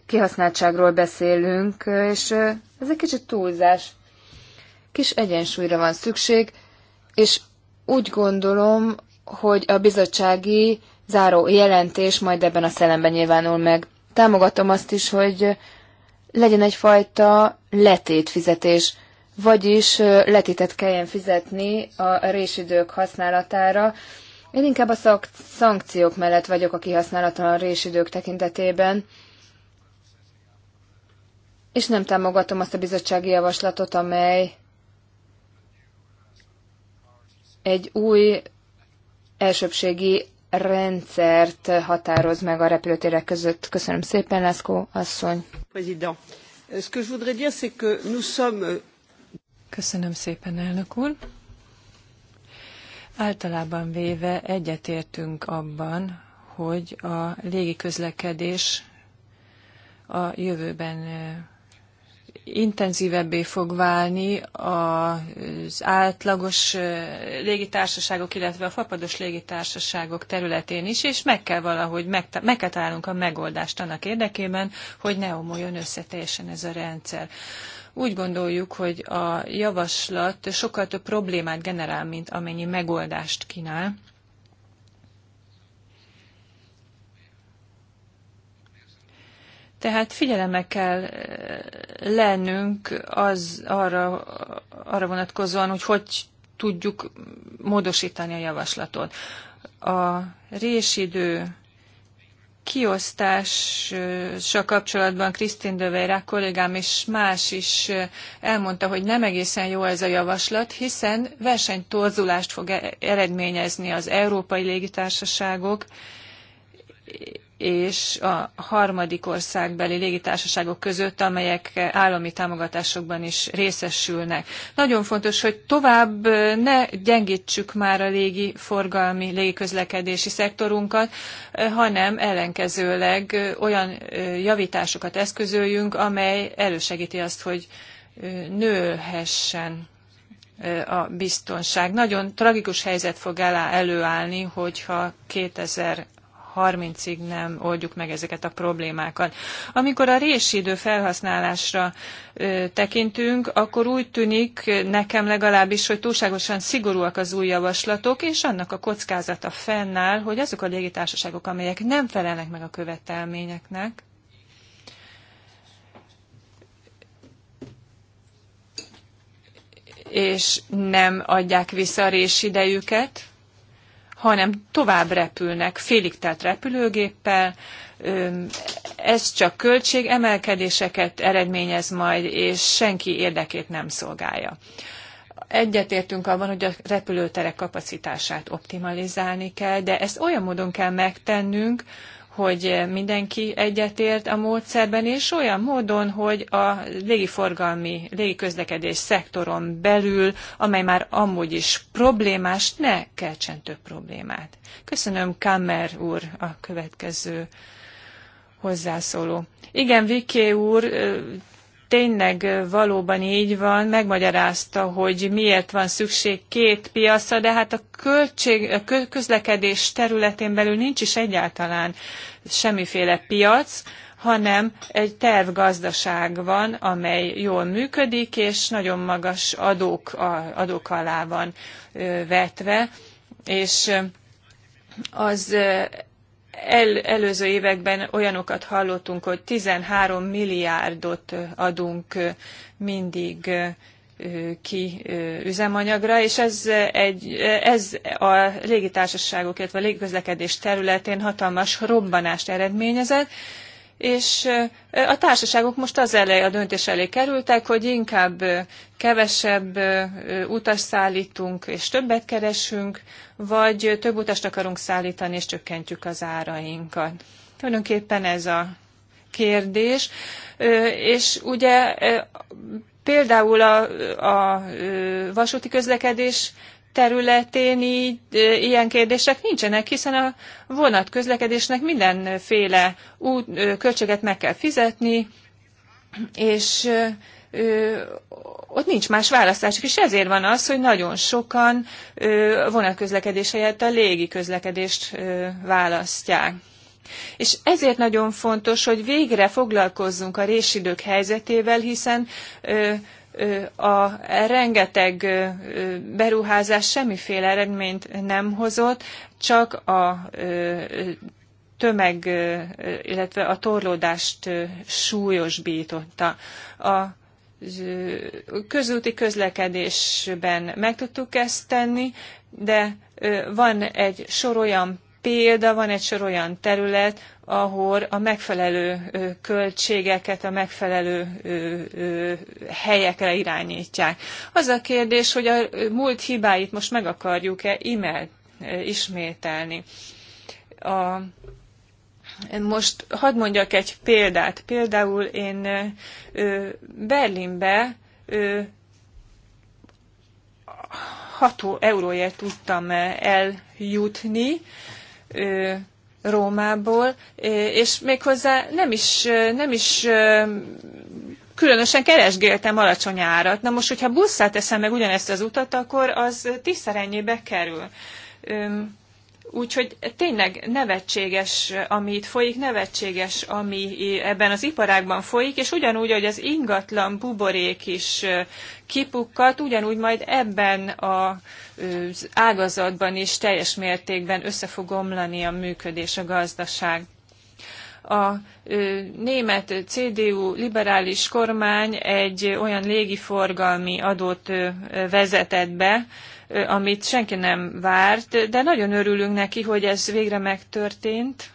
kihasználtságról beszélünk, és ez egy kicsit túlzás. Kis egyensúlyra van szükség, és úgy gondolom, hogy a bizottsági záró jelentés majd ebben a szellemben nyilvánul meg. Támogatom azt is, hogy legyen egyfajta letétfizetés, vagyis letétet kelljen fizetni a résidők használatára, én inkább a szak- szankciók mellett vagyok a kihasználatlan résidők tekintetében, és nem támogatom azt a bizottsági javaslatot, amely egy új elsőbségi rendszert határoz meg a repülőtérek között. Köszönöm szépen, Lászkó asszony. Köszönöm szépen, elnök úr. Általában véve egyetértünk abban, hogy a légiközlekedés a jövőben intenzívebbé fog válni az átlagos légitársaságok, illetve a fapados légitársaságok területén is, és meg kell valahogy, meg, meg kell találnunk a megoldást annak érdekében, hogy ne omoljon össze teljesen ez a rendszer. Úgy gondoljuk, hogy a javaslat sokkal több problémát generál, mint amennyi megoldást kínál. Tehát figyelemmel kell eh, lennünk az arra, arra vonatkozóan, hogy hogy tudjuk módosítani a javaslatot. A résidő kiosztással kapcsolatban Krisztin Döveira kollégám és más is elmondta, hogy nem egészen jó ez a javaslat, hiszen versenytorzulást fog e- eredményezni az európai légitársaságok és a harmadik országbeli légitársaságok között, amelyek állami támogatásokban is részesülnek. Nagyon fontos, hogy tovább ne gyengítsük már a légi forgalmi, légiközlekedési szektorunkat, hanem ellenkezőleg olyan javításokat eszközöljünk, amely elősegíti azt, hogy nőhessen a biztonság. Nagyon tragikus helyzet fog elá, előállni, hogyha 2000 30 ig nem oldjuk meg ezeket a problémákat. Amikor a résidő felhasználásra ö, tekintünk, akkor úgy tűnik nekem legalábbis, hogy túlságosan szigorúak az új javaslatok, és annak a kockázata fennáll, hogy azok a légitársaságok, amelyek nem felelnek meg a követelményeknek, és nem adják vissza a résidejüket, hanem tovább repülnek félig telt repülőgéppel, ez csak költség emelkedéseket eredményez majd, és senki érdekét nem szolgálja. Egyetértünk abban, hogy a repülőterek kapacitását optimalizálni kell, de ezt olyan módon kell megtennünk, hogy mindenki egyetért a módszerben, és olyan módon, hogy a légiforgalmi, légiközlekedés szektoron belül, amely már amúgy is problémás, ne keltsen több problémát. Köszönöm, Kammer úr, a következő hozzászóló. Igen, Viké úr, tényleg valóban így van, megmagyarázta, hogy miért van szükség két piacra, de hát a, költség, a közlekedés területén belül nincs is egyáltalán semmiféle piac, hanem egy tervgazdaság van, amely jól működik, és nagyon magas adók, adók alá van vetve, és az el, előző években olyanokat hallottunk, hogy 13 milliárdot adunk mindig ki üzemanyagra, és ez, egy, ez a légitársaságok, illetve a légiközlekedés területén hatalmas robbanást eredményezett, és a társaságok most az elej, a döntés elé kerültek, hogy inkább kevesebb utas szállítunk és többet keresünk, vagy több utast akarunk szállítani és csökkentjük az árainkat. Tulajdonképpen ez a kérdés, és ugye például a, a vasúti közlekedés területén így ilyen kérdések nincsenek, hiszen a vonatközlekedésnek mindenféle út, költséget meg kell fizetni, és ö, ott nincs más választás, és ezért van az, hogy nagyon sokan ö, közlekedés helyett a légi közlekedést ö, választják. És ezért nagyon fontos, hogy végre foglalkozzunk a résidők helyzetével, hiszen ö, a rengeteg beruházás semmiféle eredményt nem hozott, csak a tömeg, illetve a torlódást súlyosbította. A közúti közlekedésben meg tudtuk ezt tenni, de van egy sor olyan példa, van egy sor olyan terület, ahol a megfelelő költségeket a megfelelő helyekre irányítják. Az a kérdés, hogy a múlt hibáit most meg akarjuk-e imel, ismételni. A, most hadd mondjak egy példát. Például én Berlinbe 6 euróért tudtam eljutni, Rómából, és méghozzá nem is, nem is különösen keresgéltem alacsony árat. Na most, hogyha busszát teszem meg ugyanezt az utat, akkor az tízszer ennyibe kerül. Úgyhogy tényleg nevetséges, ami itt folyik, nevetséges, ami ebben az iparágban folyik, és ugyanúgy, hogy az ingatlan buborék is kipukkat, ugyanúgy majd ebben az ágazatban is teljes mértékben össze fog omlani a működés, a gazdaság a német CDU liberális kormány egy olyan légiforgalmi adót vezetett be, amit senki nem várt, de nagyon örülünk neki, hogy ez végre megtörtént,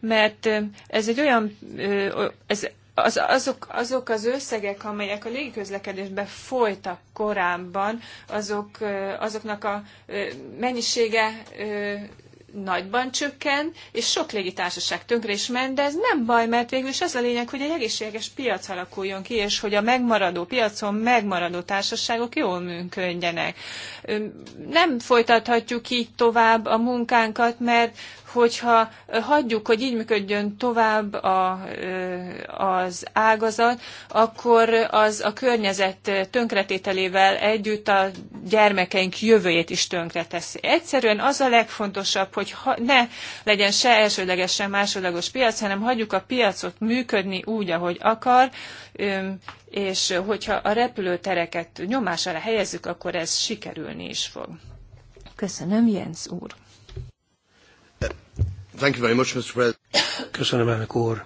mert ez egy olyan, ez, az, azok, azok az összegek, amelyek a légiközlekedésbe folytak korábban, azok, azoknak a mennyisége nagyban csökken, és sok légitársaság tönkre is ment, de ez nem baj, mert végül is az a lényeg, hogy egy egészséges piac alakuljon ki, és hogy a megmaradó piacon megmaradó társaságok jól működjenek. Nem folytathatjuk így tovább a munkánkat, mert hogyha hagyjuk, hogy így működjön tovább a, az ágazat, akkor az a környezet tönkretételével együtt a gyermekeink jövőjét is tönkreteszi. Egyszerűen az a legfontosabb, hogy ha, ne legyen se elsőleges, se másodlagos piac, hanem hagyjuk a piacot működni úgy, ahogy akar, és hogyha a repülőtereket nyomás alá helyezzük, akkor ez sikerülni is fog. Köszönöm, Jens úr! Thank you very much, Mr. Köszönöm, elnök úr.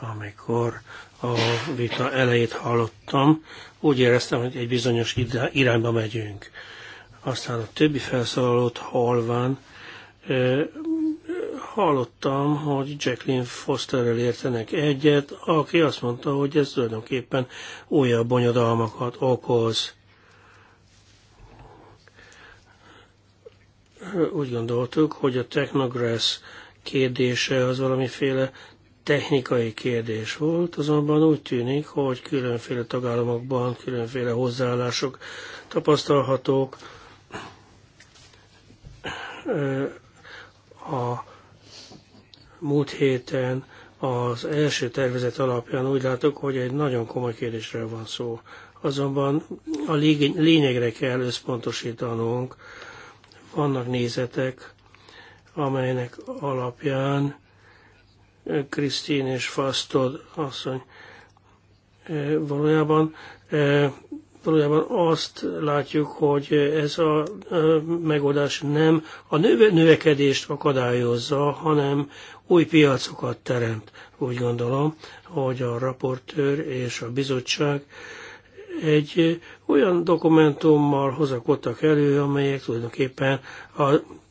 Amikor a vita elejét hallottam, úgy éreztem, hogy egy bizonyos irányba megyünk. Aztán a többi felszólalót halván hallottam, hogy Jacqueline Fosterrel értenek egyet, aki azt mondta, hogy ez tulajdonképpen újabb bonyodalmakat okoz. Úgy gondoltuk, hogy a Technogress kérdése az valamiféle technikai kérdés volt, azonban úgy tűnik, hogy különféle tagállamokban különféle hozzáállások tapasztalhatók. A múlt héten az első tervezet alapján úgy látok, hogy egy nagyon komoly kérdésről van szó. Azonban a lényegre kell összpontosítanunk. Vannak nézetek, amelynek alapján Krisztin és Fasztod asszony e, valójában e, valójában azt látjuk, hogy ez a e, megoldás nem a növekedést akadályozza, hanem új piacokat teremt. Úgy gondolom, hogy a raportőr és a bizottság egy olyan dokumentummal hozakodtak elő, amelyek tulajdonképpen a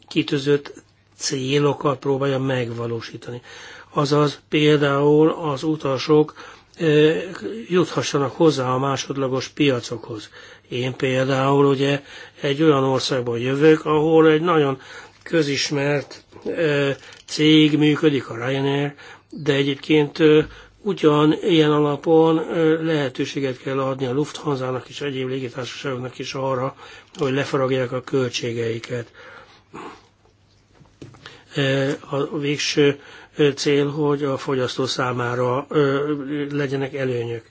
kitűzött célokat próbálja megvalósítani. Azaz például az utasok juthassanak hozzá a másodlagos piacokhoz. Én például ugye egy olyan országból jövök, ahol egy nagyon közismert cég működik, a Ryanair, de egyébként ugyan ilyen alapon lehetőséget kell adni a Lufthansa-nak és egyéb légitársaságoknak is arra, hogy lefaragják a költségeiket. Eh, a végső eh, cél, hogy a fogyasztó számára eh, legyenek előnyök.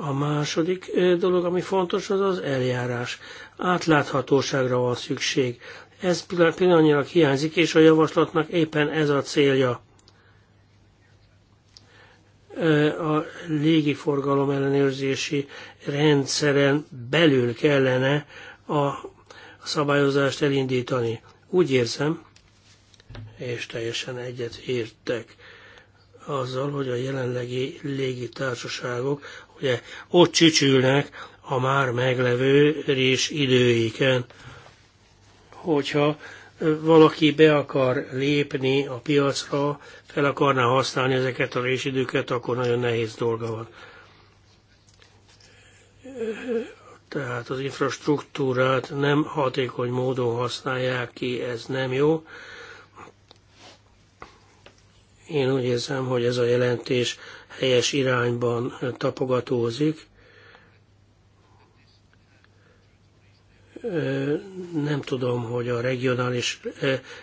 A második dolog, ami fontos, az az eljárás. Átláthatóságra van szükség. Ez pillanatnyilag hiányzik, és a javaslatnak éppen ez a célja. A légiforgalom ellenőrzési rendszeren belül kellene a szabályozást elindítani. Úgy érzem, és teljesen egyet értek azzal, hogy a jelenlegi légitársaságok ugye ott csücsülnek a már meglevő rés időiken. Hogyha valaki be akar lépni a piacra, fel akarná használni ezeket a résidőket, akkor nagyon nehéz dolga van. Tehát az infrastruktúrát nem hatékony módon használják ki, ez nem jó. Én úgy érzem, hogy ez a jelentés helyes irányban tapogatózik. Nem tudom, hogy a regionális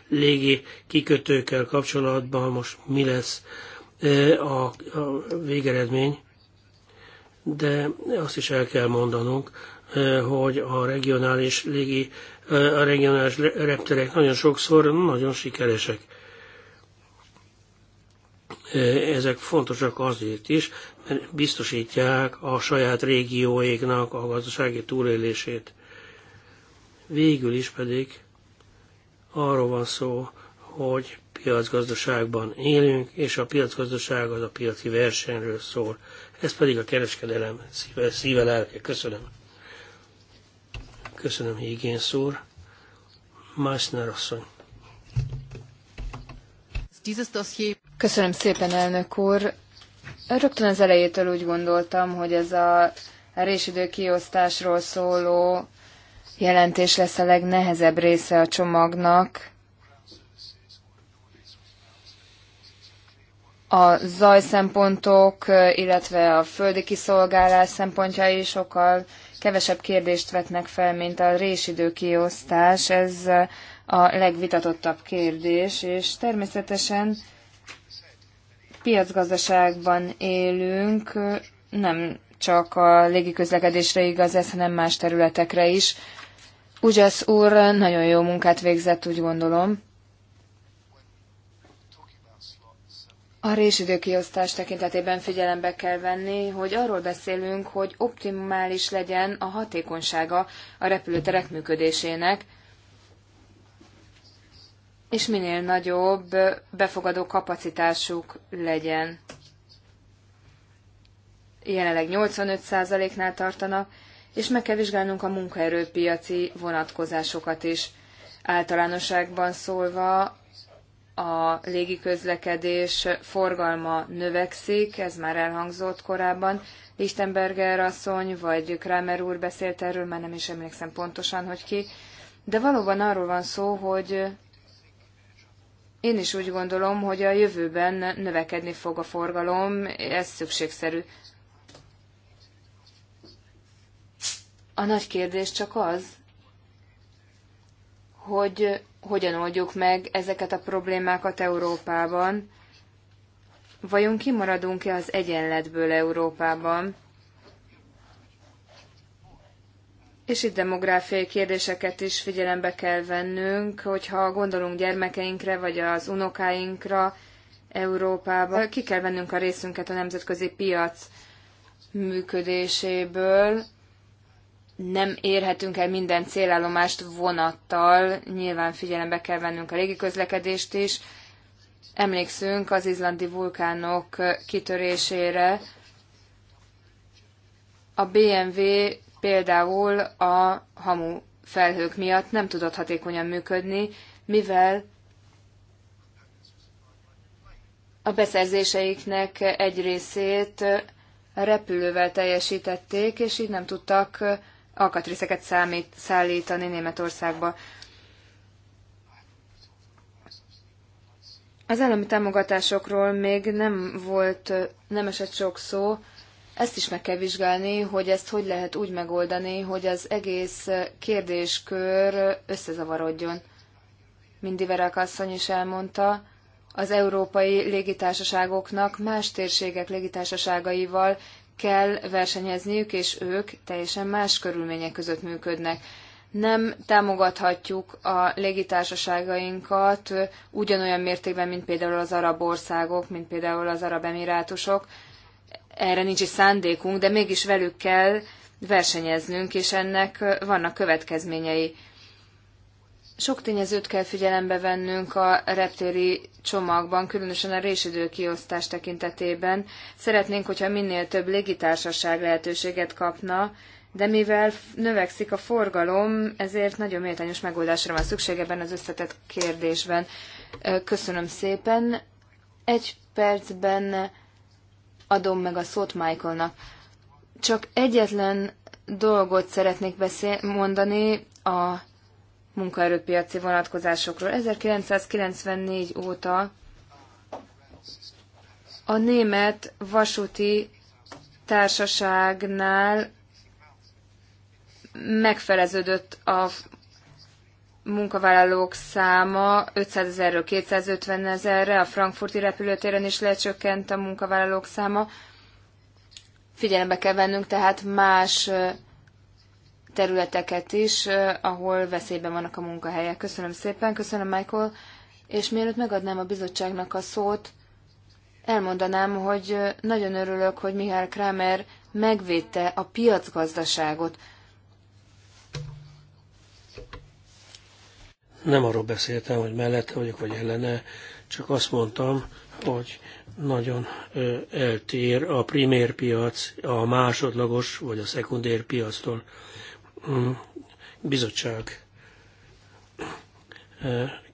légi kikötőkkel kapcsolatban most mi lesz a végeredmény, de azt is el kell mondanunk, hogy a regionális légi, a regionális repterek nagyon sokszor nagyon sikeresek Eh, ezek fontosak azért is, mert biztosítják a saját régióéknak a gazdasági túlélését. Végül is pedig arról van szó, hogy piacgazdaságban élünk, és a piacgazdaság az a piaci versenyről szól. Ez pedig a kereskedelem szíve, szíve lelke. Köszönöm. Köszönöm, Higgins úr. Meissner asszony. Dieses Dossier Köszönöm szépen, elnök úr. Rögtön az elejétől úgy gondoltam, hogy ez a résidő kiosztásról szóló jelentés lesz a legnehezebb része a csomagnak. A zajszempontok, illetve a földi kiszolgálás szempontjai sokkal kevesebb kérdést vetnek fel, mint a résidő kiosztás. Ez a legvitatottabb kérdés, és természetesen Piacgazdaságban élünk, nem csak a légiközlekedésre igaz ez, hanem más területekre is. Ugyasz úr nagyon jó munkát végzett, úgy gondolom. A résidőkiosztás tekintetében figyelembe kell venni, hogy arról beszélünk, hogy optimális legyen a hatékonysága a repülőterek működésének, és minél nagyobb befogadó kapacitásuk legyen. Jelenleg 85%-nál tartanak, és meg kell vizsgálnunk a munkaerőpiaci vonatkozásokat is. Általánosságban szólva a légiközlekedés forgalma növekszik, ez már elhangzott korábban. Lichtenberger asszony vagy Kramer úr beszélt erről, már nem is emlékszem pontosan, hogy ki. De valóban arról van szó, hogy én is úgy gondolom, hogy a jövőben növekedni fog a forgalom, ez szükségszerű. A nagy kérdés csak az, hogy hogyan oldjuk meg ezeket a problémákat Európában, vajon kimaradunk-e az egyenletből Európában, És itt demográfiai kérdéseket is figyelembe kell vennünk, hogyha gondolunk gyermekeinkre vagy az unokáinkra Európában, ki kell vennünk a részünket a nemzetközi piac működéséből. Nem érhetünk el minden célállomást vonattal, nyilván figyelembe kell vennünk a közlekedést is. Emlékszünk az izlandi vulkánok kitörésére, a BMW például a hamu felhők miatt nem tudott hatékonyan működni, mivel a beszerzéseiknek egy részét repülővel teljesítették, és így nem tudtak alkatrészeket számít, szállítani Németországba. Az állami támogatásokról még nem volt, nem esett sok szó, ezt is meg kell vizsgálni, hogy ezt hogy lehet úgy megoldani, hogy az egész kérdéskör összezavarodjon. Mindiverák asszony is elmondta, az európai légitársaságoknak más térségek légitársaságaival kell versenyezniük, és ők teljesen más körülmények között működnek. Nem támogathatjuk a légitársaságainkat ugyanolyan mértékben, mint például az arab országok, mint például az arab emirátusok, erre nincs is szándékunk, de mégis velük kell versenyeznünk, és ennek vannak következményei. Sok tényezőt kell figyelembe vennünk a reptéri csomagban, különösen a résidő kiosztás tekintetében. Szeretnénk, hogyha minél több légitársaság lehetőséget kapna, de mivel növekszik a forgalom, ezért nagyon méltányos megoldásra van szükség ebben az összetett kérdésben. Köszönöm szépen. Egy percben adom meg a szót Michaelnak. Csak egyetlen dolgot szeretnék beszél, mondani a munkaerőpiaci vonatkozásokról. 1994 óta a német vasúti társaságnál megfeleződött a munkavállalók száma 500 ezerről 250 ezerre, a frankfurti repülőtéren is lecsökkent a munkavállalók száma. Figyelembe kell vennünk tehát más területeket is, ahol veszélyben vannak a munkahelyek. Köszönöm szépen, köszönöm Michael, és mielőtt megadnám a bizottságnak a szót, elmondanám, hogy nagyon örülök, hogy Mihály Kramer megvédte a piacgazdaságot. Nem arról beszéltem, hogy mellette vagyok, vagy ellene, csak azt mondtam, hogy nagyon eltér a primér piac a másodlagos vagy a szekundér piactól. Mm, bizottság.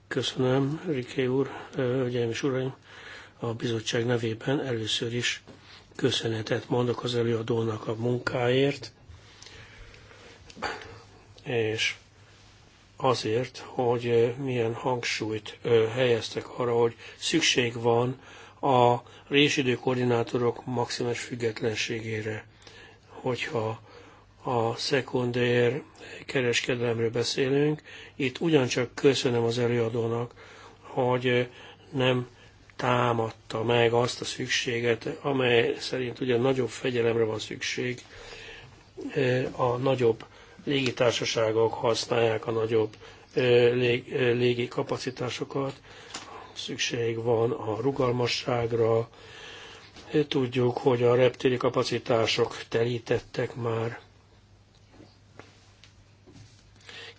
Köszönöm, Riké úr, hölgyeim és uraim, a bizottság nevében először is köszönetet mondok az előadónak a munkáért, és azért, hogy milyen hangsúlyt helyeztek arra, hogy szükség van a résidő koordinátorok maximális függetlenségére, hogyha a szekundér kereskedelemről beszélünk. Itt ugyancsak köszönöm az előadónak, hogy nem támadta meg azt a szükséget, amely szerint ugye nagyobb fegyelemre van szükség a nagyobb légitársaságok használják a nagyobb légi kapacitásokat, szükség van a rugalmasságra, tudjuk, hogy a reptéri kapacitások telítettek már,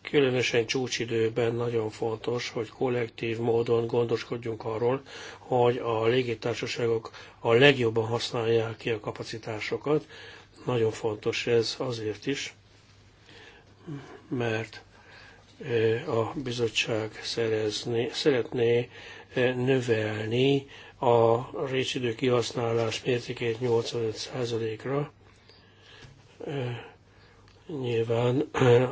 különösen csúcsidőben nagyon fontos, hogy kollektív módon gondoskodjunk arról, hogy a légitársaságok a legjobban használják ki a kapacitásokat. Nagyon fontos ez azért is, mert eh, a bizottság szerezni, szeretné eh, növelni a részidő kihasználás mértékét 85%-ra. Eh, nyilván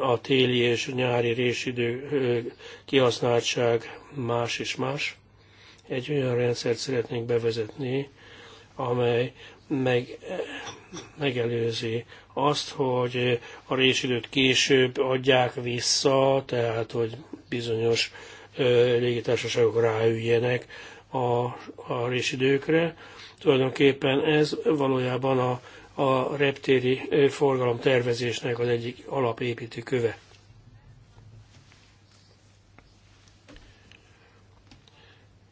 a téli és nyári résidő kihasználtság más és más. Egy olyan rendszert szeretnénk bevezetni, amely meg, megelőzi azt, hogy a résidőt később adják vissza, tehát hogy bizonyos légitársaságok ráüljenek a, a résidőkre. Tulajdonképpen ez valójában a, a reptéri forgalomtervezésnek az egyik alapépítő köve.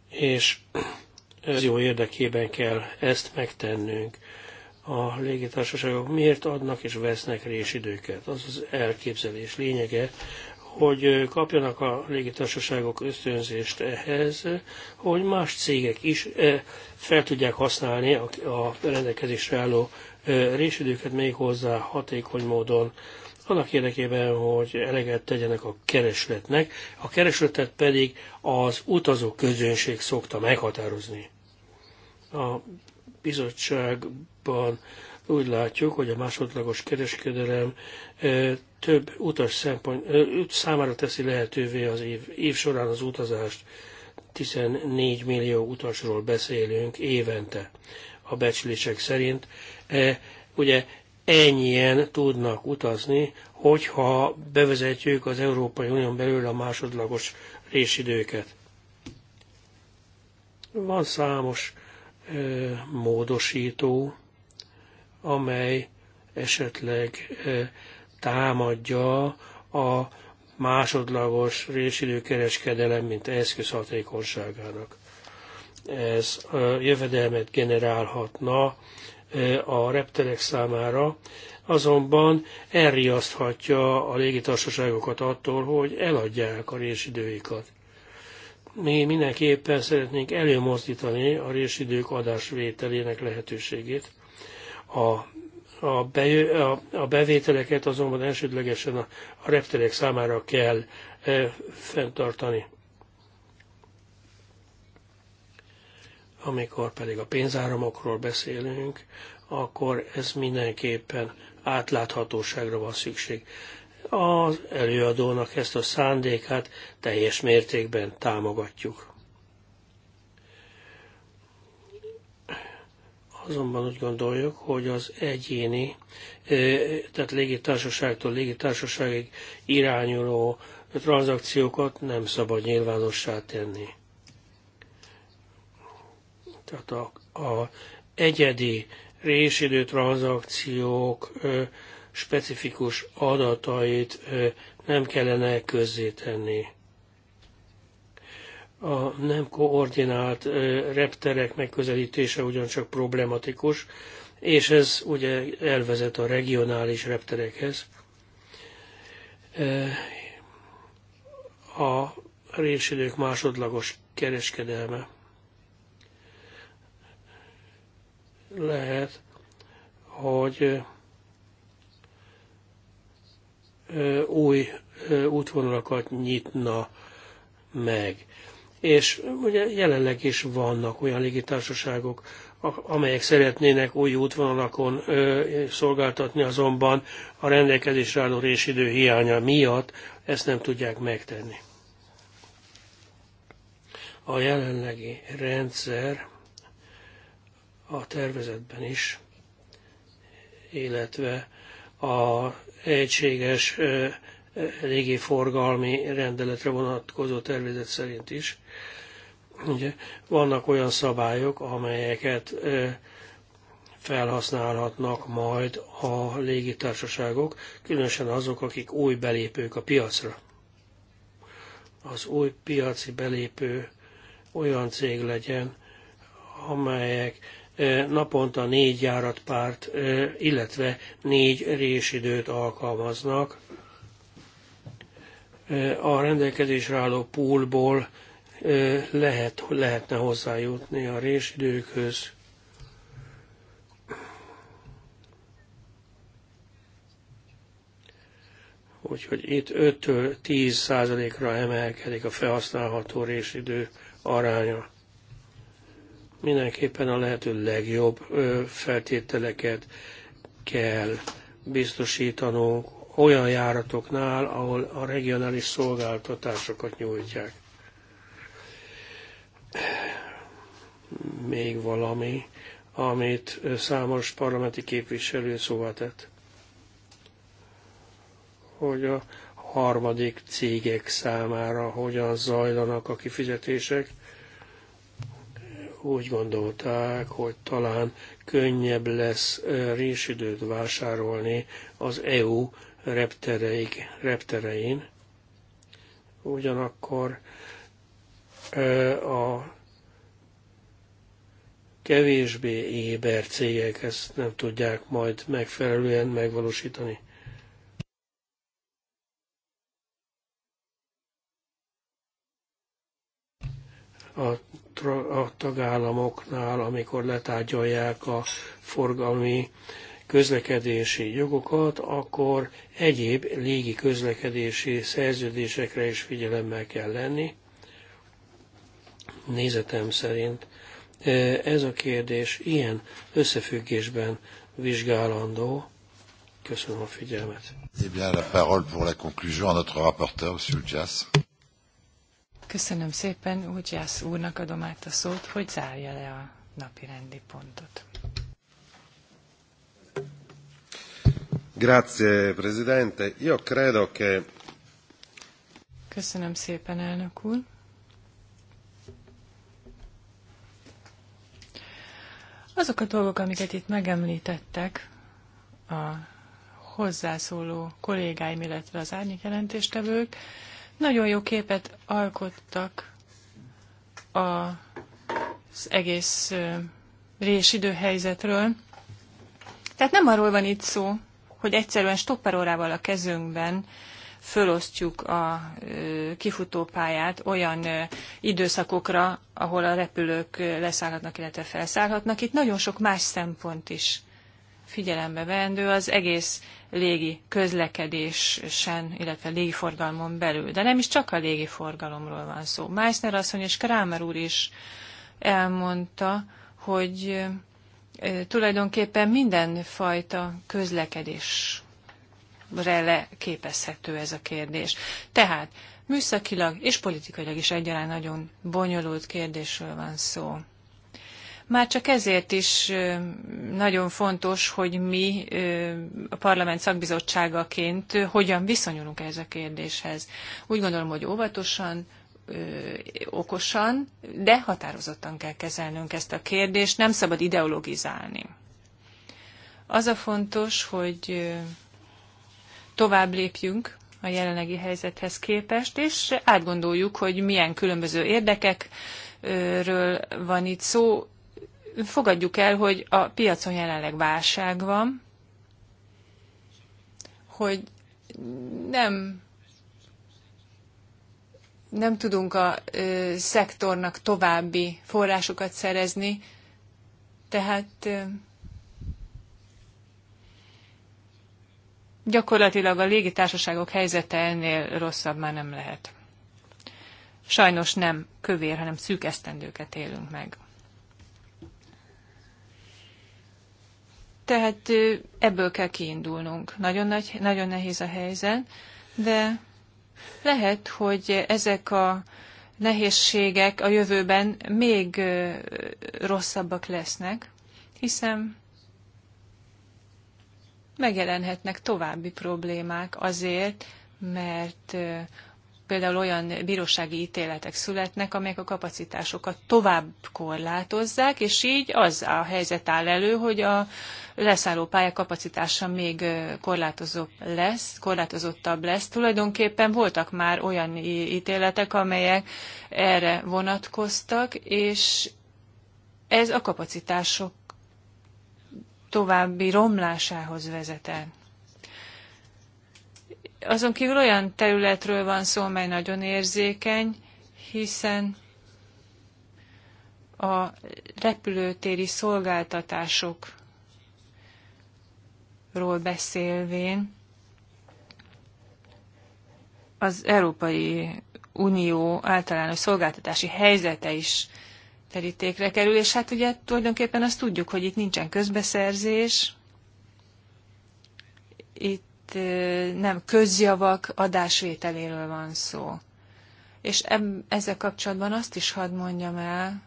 És ez jó érdekében kell ezt megtennünk a légitársaságok miért adnak és vesznek résidőket. Az az elképzelés lényege, hogy kapjanak a légitársaságok ösztönzést ehhez, hogy más cégek is eh, fel tudják használni a rendelkezésre álló eh, résidőket még hozzá hatékony módon, annak érdekében, hogy eleget tegyenek a keresletnek, a keresletet pedig az utazó közönség szokta meghatározni. A bizottságban úgy látjuk, hogy a másodlagos kereskedelem több utas szempont, számára teszi lehetővé az év, év során az utazást. 14 millió utasról beszélünk évente a becslések szerint. Ugye ennyien tudnak utazni, hogyha bevezetjük az Európai Unión belül a másodlagos résidőket. Van számos módosító, amely esetleg támadja a másodlagos résidőkereskedelem, mint eszköz hatékonyságának. Ez jövedelmet generálhatna a reptelek számára, azonban elriaszthatja a légitársaságokat attól, hogy eladják a résidőikat mi mindenképpen szeretnénk előmozdítani a résidők adásvételének lehetőségét. A a, be, a, a bevételeket azonban elsődlegesen a, a repterek számára kell e, fenntartani. Amikor pedig a pénzáramokról beszélünk, akkor ez mindenképpen átláthatóságra van szükség. Az előadónak ezt a szándékát teljes mértékben támogatjuk. azonban úgy gondoljuk, hogy az egyéni, tehát légitársaságtól légitársaságig irányuló tranzakciókat nem szabad nyilvánossá tenni. Tehát a, a egyedi résidő tranzakciók specifikus adatait nem kellene közzétenni. A nem koordinált repterek megközelítése ugyancsak problematikus, és ez ugye elvezet a regionális repterekhez. A résidők másodlagos kereskedelme. Lehet, hogy új útvonalakat nyitna meg. És ugye jelenleg is vannak olyan légitársaságok, amelyek szeretnének új útvonalakon szolgáltatni, azonban a rendelkezésre álló résidő hiánya miatt ezt nem tudják megtenni. A jelenlegi rendszer a tervezetben is, illetve a egységes légiforgalmi rendeletre vonatkozó tervezet szerint is. Ugye, vannak olyan szabályok, amelyeket felhasználhatnak majd a légitársaságok, különösen azok, akik új belépők a piacra. Az új piaci belépő olyan cég legyen, amelyek naponta négy járatpárt, illetve négy résidőt alkalmaznak. A rendelkezésre álló poolból lehet, lehetne hozzájutni a résidőkhöz. Úgyhogy itt 5-10 százalékra emelkedik a felhasználható résidő aránya mindenképpen a lehető legjobb feltételeket kell biztosítanunk olyan járatoknál, ahol a regionális szolgáltatásokat nyújtják. Még valami, amit számos parlamenti képviselő szóvá tett, hogy a harmadik cégek számára hogyan zajlanak a kifizetések, úgy gondolták, hogy talán könnyebb lesz résidőt vásárolni az EU reptereik, repterein. Ugyanakkor a kevésbé éber cégek ezt nem tudják majd megfelelően megvalósítani. A a tagállamoknál, amikor letárgyalják a forgalmi közlekedési jogokat, akkor egyéb légi közlekedési szerződésekre is figyelemmel kell lenni. Nézetem szerint e, ez a kérdés ilyen összefüggésben vizsgálandó. Köszönöm a figyelmet. Eh bien, la parole pour la conclusion à notre rapporteur, M. Köszönöm szépen, Úgyász úrnak adom át a szót, hogy zárja le a napi rendi pontot. Grazie, Presidente. Io credo che... Köszönöm szépen, elnök úr. Azok a dolgok, amiket itt megemlítettek, a hozzászóló kollégáim, illetve az árnyék jelentéstevők, nagyon jó képet alkottak az egész helyzetről. Tehát nem arról van itt szó, hogy egyszerűen stopperórával a kezünkben fölosztjuk a kifutópályát olyan időszakokra, ahol a repülők leszállhatnak, illetve felszállhatnak. Itt nagyon sok más szempont is figyelembe vendő az egész légi közlekedésen, illetve légiforgalmon belül. De nem is csak a légiforgalomról van szó. Meissner asszony és Krámer úr is elmondta, hogy tulajdonképpen mindenfajta közlekedésre leképezhető ez a kérdés. Tehát műszakilag és politikailag is egyaránt nagyon bonyolult kérdésről van szó. Már csak ezért is nagyon fontos, hogy mi a parlament szakbizottságaként hogyan viszonyulunk ehhez a kérdéshez. Úgy gondolom, hogy óvatosan, okosan, de határozottan kell kezelnünk ezt a kérdést, nem szabad ideologizálni. Az a fontos, hogy tovább lépjünk a jelenlegi helyzethez képest, és átgondoljuk, hogy milyen különböző érdekekről van itt szó, fogadjuk el, hogy a piacon jelenleg válság van, hogy nem nem tudunk a ö, szektornak további forrásokat szerezni, tehát ö, gyakorlatilag a légitársaságok helyzete ennél rosszabb már nem lehet. Sajnos nem kövér, hanem szűk esztendőket élünk meg. Tehát ebből kell kiindulnunk. Nagyon, nagy, nagyon nehéz a helyzet, de lehet, hogy ezek a nehézségek a jövőben még rosszabbak lesznek, hiszen megjelenhetnek további problémák azért, mert például olyan bírósági ítéletek születnek, amelyek a kapacitásokat tovább korlátozzák, és így az a helyzet áll elő, hogy a leszálló pálya kapacitása még korlátozott lesz, korlátozottabb lesz. Tulajdonképpen voltak már olyan ítéletek, amelyek erre vonatkoztak, és ez a kapacitások további romlásához vezetett. Azon kívül olyan területről van szó, mely nagyon érzékeny, hiszen a repülőtéri szolgáltatásokról beszélvén az Európai Unió általános szolgáltatási helyzete is terítékre kerül, és hát ugye tulajdonképpen azt tudjuk, hogy itt nincsen közbeszerzés, itt itt nem közjavak adásvételéről van szó. És eb- ezzel kapcsolatban azt is hadd mondjam el,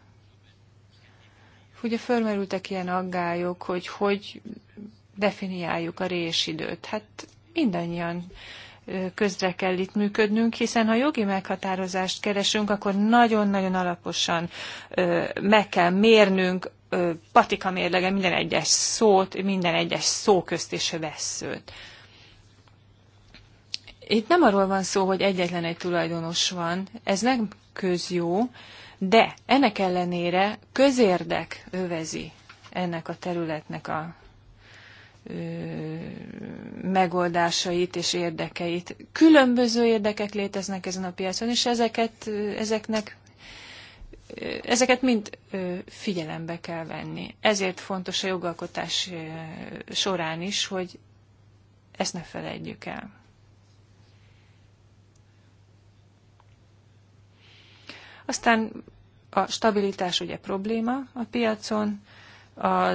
a fölmerültek ilyen aggályok, hogy hogy definiáljuk a résidőt. Hát mindannyian közre kell itt működnünk, hiszen ha jogi meghatározást keresünk, akkor nagyon-nagyon alaposan meg kell mérnünk patika mérlege minden egyes szót, minden egyes szó közt és vesszőt. Itt nem arról van szó, hogy egyetlen egy tulajdonos van, ez nem közjó, de ennek ellenére közérdek övezi ennek a területnek a megoldásait és érdekeit. Különböző érdekek léteznek ezen a piacon, és ezeket, ezeknek, ezeket mind figyelembe kell venni. Ezért fontos a jogalkotás során is, hogy ezt ne felejtjük el. Aztán a stabilitás ugye probléma a piacon, a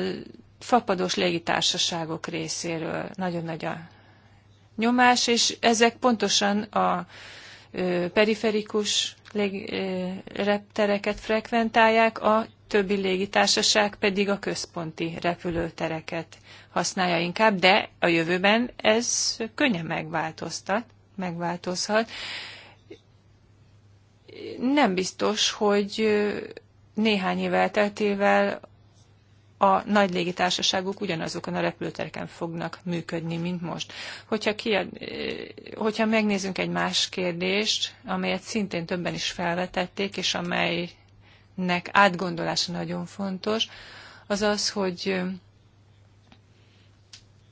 fapados légitársaságok részéről nagyon nagy a nyomás, és ezek pontosan a periferikus reptereket frekventálják, a többi légitársaság pedig a központi repülőtereket használja inkább, de a jövőben ez könnyen megváltoztat, megváltozhat nem biztos, hogy néhány év elteltével a nagy légitársaságok ugyanazokon a repülőtereken fognak működni, mint most. Hogyha, kiad, hogyha megnézzünk egy más kérdést, amelyet szintén többen is felvetették, és amelynek átgondolása nagyon fontos, az az, hogy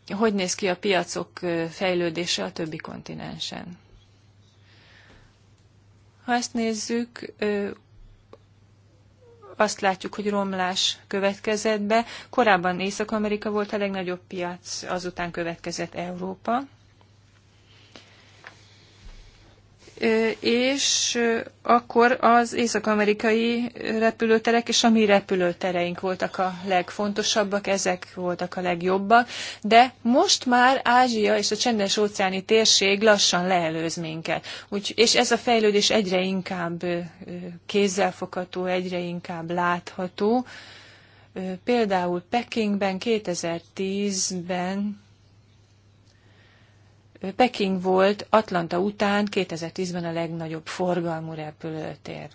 hogy néz ki a piacok fejlődése a többi kontinensen. Ha ezt nézzük, azt látjuk, hogy romlás következett be. Korábban Észak-Amerika volt a legnagyobb piac, azután következett Európa. és akkor az észak-amerikai repülőterek és a mi repülőtereink voltak a legfontosabbak, ezek voltak a legjobbak, de most már Ázsia és a csendes óceáni térség lassan leelőz minket. Úgy, és ez a fejlődés egyre inkább kézzelfogható, egyre inkább látható. Például Pekingben 2010-ben Peking volt Atlanta után 2010-ben a legnagyobb forgalmú repülőtér.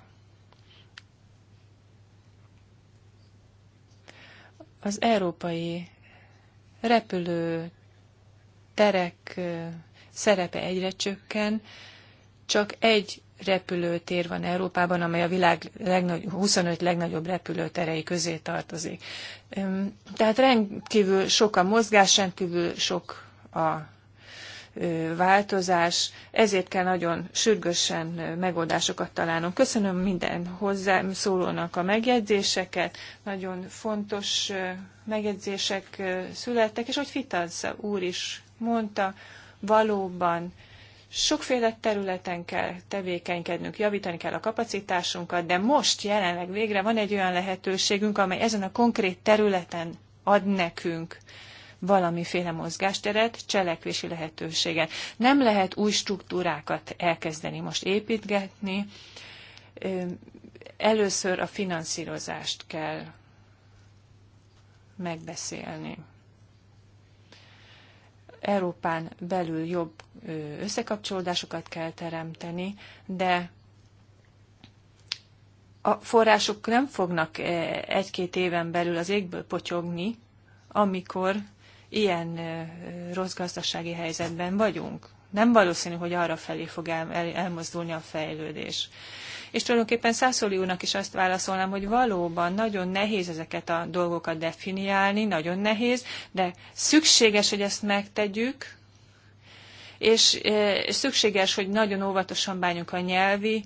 Az európai repülőterek szerepe egyre csökken, csak egy repülőtér van Európában, amely a világ legnagy, 25 legnagyobb repülőterei közé tartozik. Tehát rendkívül sok a mozgás, rendkívül sok a változás, ezért kell nagyon sürgősen megoldásokat találnunk. Köszönöm minden hozzám szólónak a megjegyzéseket, nagyon fontos megjegyzések születtek, és hogy Fitanza úr is mondta, valóban sokféle területen kell tevékenykednünk, javítani kell a kapacitásunkat, de most jelenleg végre van egy olyan lehetőségünk, amely ezen a konkrét területen ad nekünk valamiféle mozgásteret, cselekvési lehetőséget. Nem lehet új struktúrákat elkezdeni most építgetni, először a finanszírozást kell megbeszélni. Európán belül jobb összekapcsolódásokat kell teremteni, de a források nem fognak egy-két éven belül az égből potyogni, amikor ilyen rossz gazdasági helyzetben vagyunk. Nem valószínű, hogy arra felé fog el, elmozdulni a fejlődés. És tulajdonképpen Szászoli úrnak is azt válaszolnám, hogy valóban nagyon nehéz ezeket a dolgokat definiálni, nagyon nehéz, de szükséges, hogy ezt megtegyük, és szükséges, hogy nagyon óvatosan bánjunk a nyelvi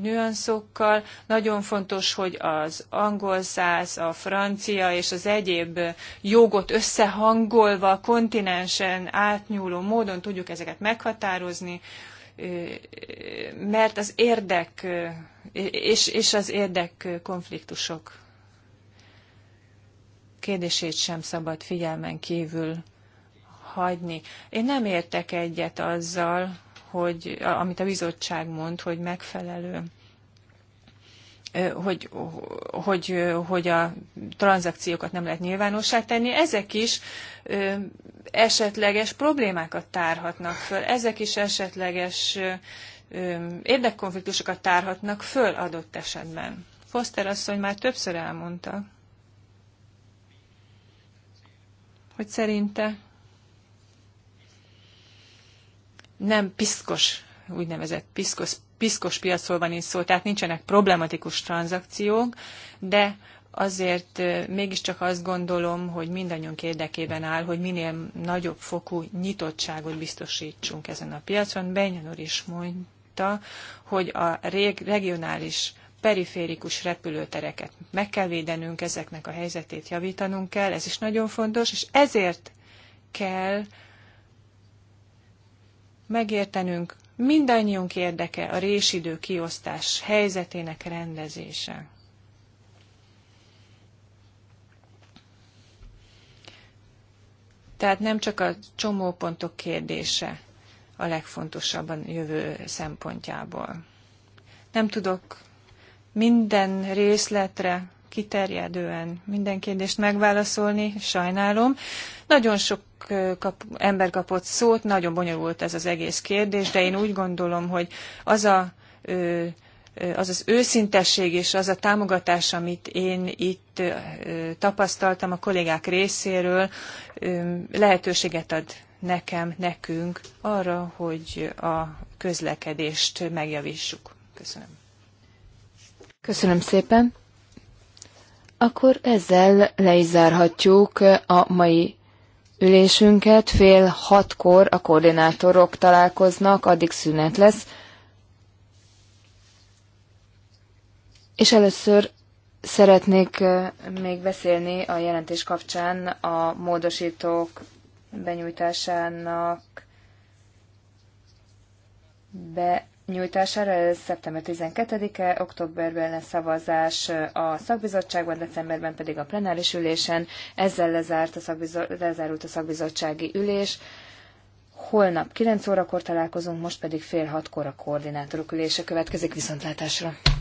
nüanszokkal. Nagyon fontos, hogy az angol száz, a francia és az egyéb jogot összehangolva, kontinensen átnyúló módon tudjuk ezeket meghatározni, mert az érdek és, és az érdek konfliktusok kérdését sem szabad figyelmen kívül hagyni. Én nem értek egyet azzal, hogy, amit a bizottság mond, hogy megfelelő hogy, hogy, hogy a tranzakciókat nem lehet nyilvánossá tenni, ezek is ö, esetleges problémákat tárhatnak föl, ezek is esetleges ö, érdekkonfliktusokat tárhatnak föl adott esetben. Foster asszony már többször elmondta, hogy szerinte nem piszkos, úgynevezett piszkos, piszkos piacról van itt szó, tehát nincsenek problematikus tranzakciók, de azért mégiscsak azt gondolom, hogy mindannyiunk érdekében áll, hogy minél nagyobb fokú nyitottságot biztosítsunk ezen a piacon. Benyan úr is mondta, hogy a reg regionális periférikus repülőtereket meg kell védenünk, ezeknek a helyzetét javítanunk kell, ez is nagyon fontos, és ezért kell megértenünk, mindannyiunk érdeke a résidő kiosztás helyzetének rendezése. Tehát nem csak a csomópontok kérdése a legfontosabb a jövő szempontjából. Nem tudok minden részletre kiterjedően minden kérdést megválaszolni, sajnálom. Nagyon sok kap, ember kapott szót, nagyon bonyolult ez az egész kérdés, de én úgy gondolom, hogy az a az az őszintesség és az a támogatás, amit én itt tapasztaltam a kollégák részéről, lehetőséget ad nekem, nekünk arra, hogy a közlekedést megjavítsuk. Köszönöm. Köszönöm szépen. Akkor ezzel le is zárhatjuk a mai ülésünket. Fél hatkor a koordinátorok találkoznak, addig szünet lesz. És először szeretnék még beszélni a jelentés kapcsán a módosítók benyújtásának be nyújtására, ez szeptember 12-e, októberben lesz szavazás a szakbizottságban, decemberben pedig a plenáris ülésen, ezzel lezárt a szakbizo- lezárult a szakbizottsági ülés. Holnap 9 órakor találkozunk, most pedig fél hatkor a koordinátorok ülése következik viszontlátásra.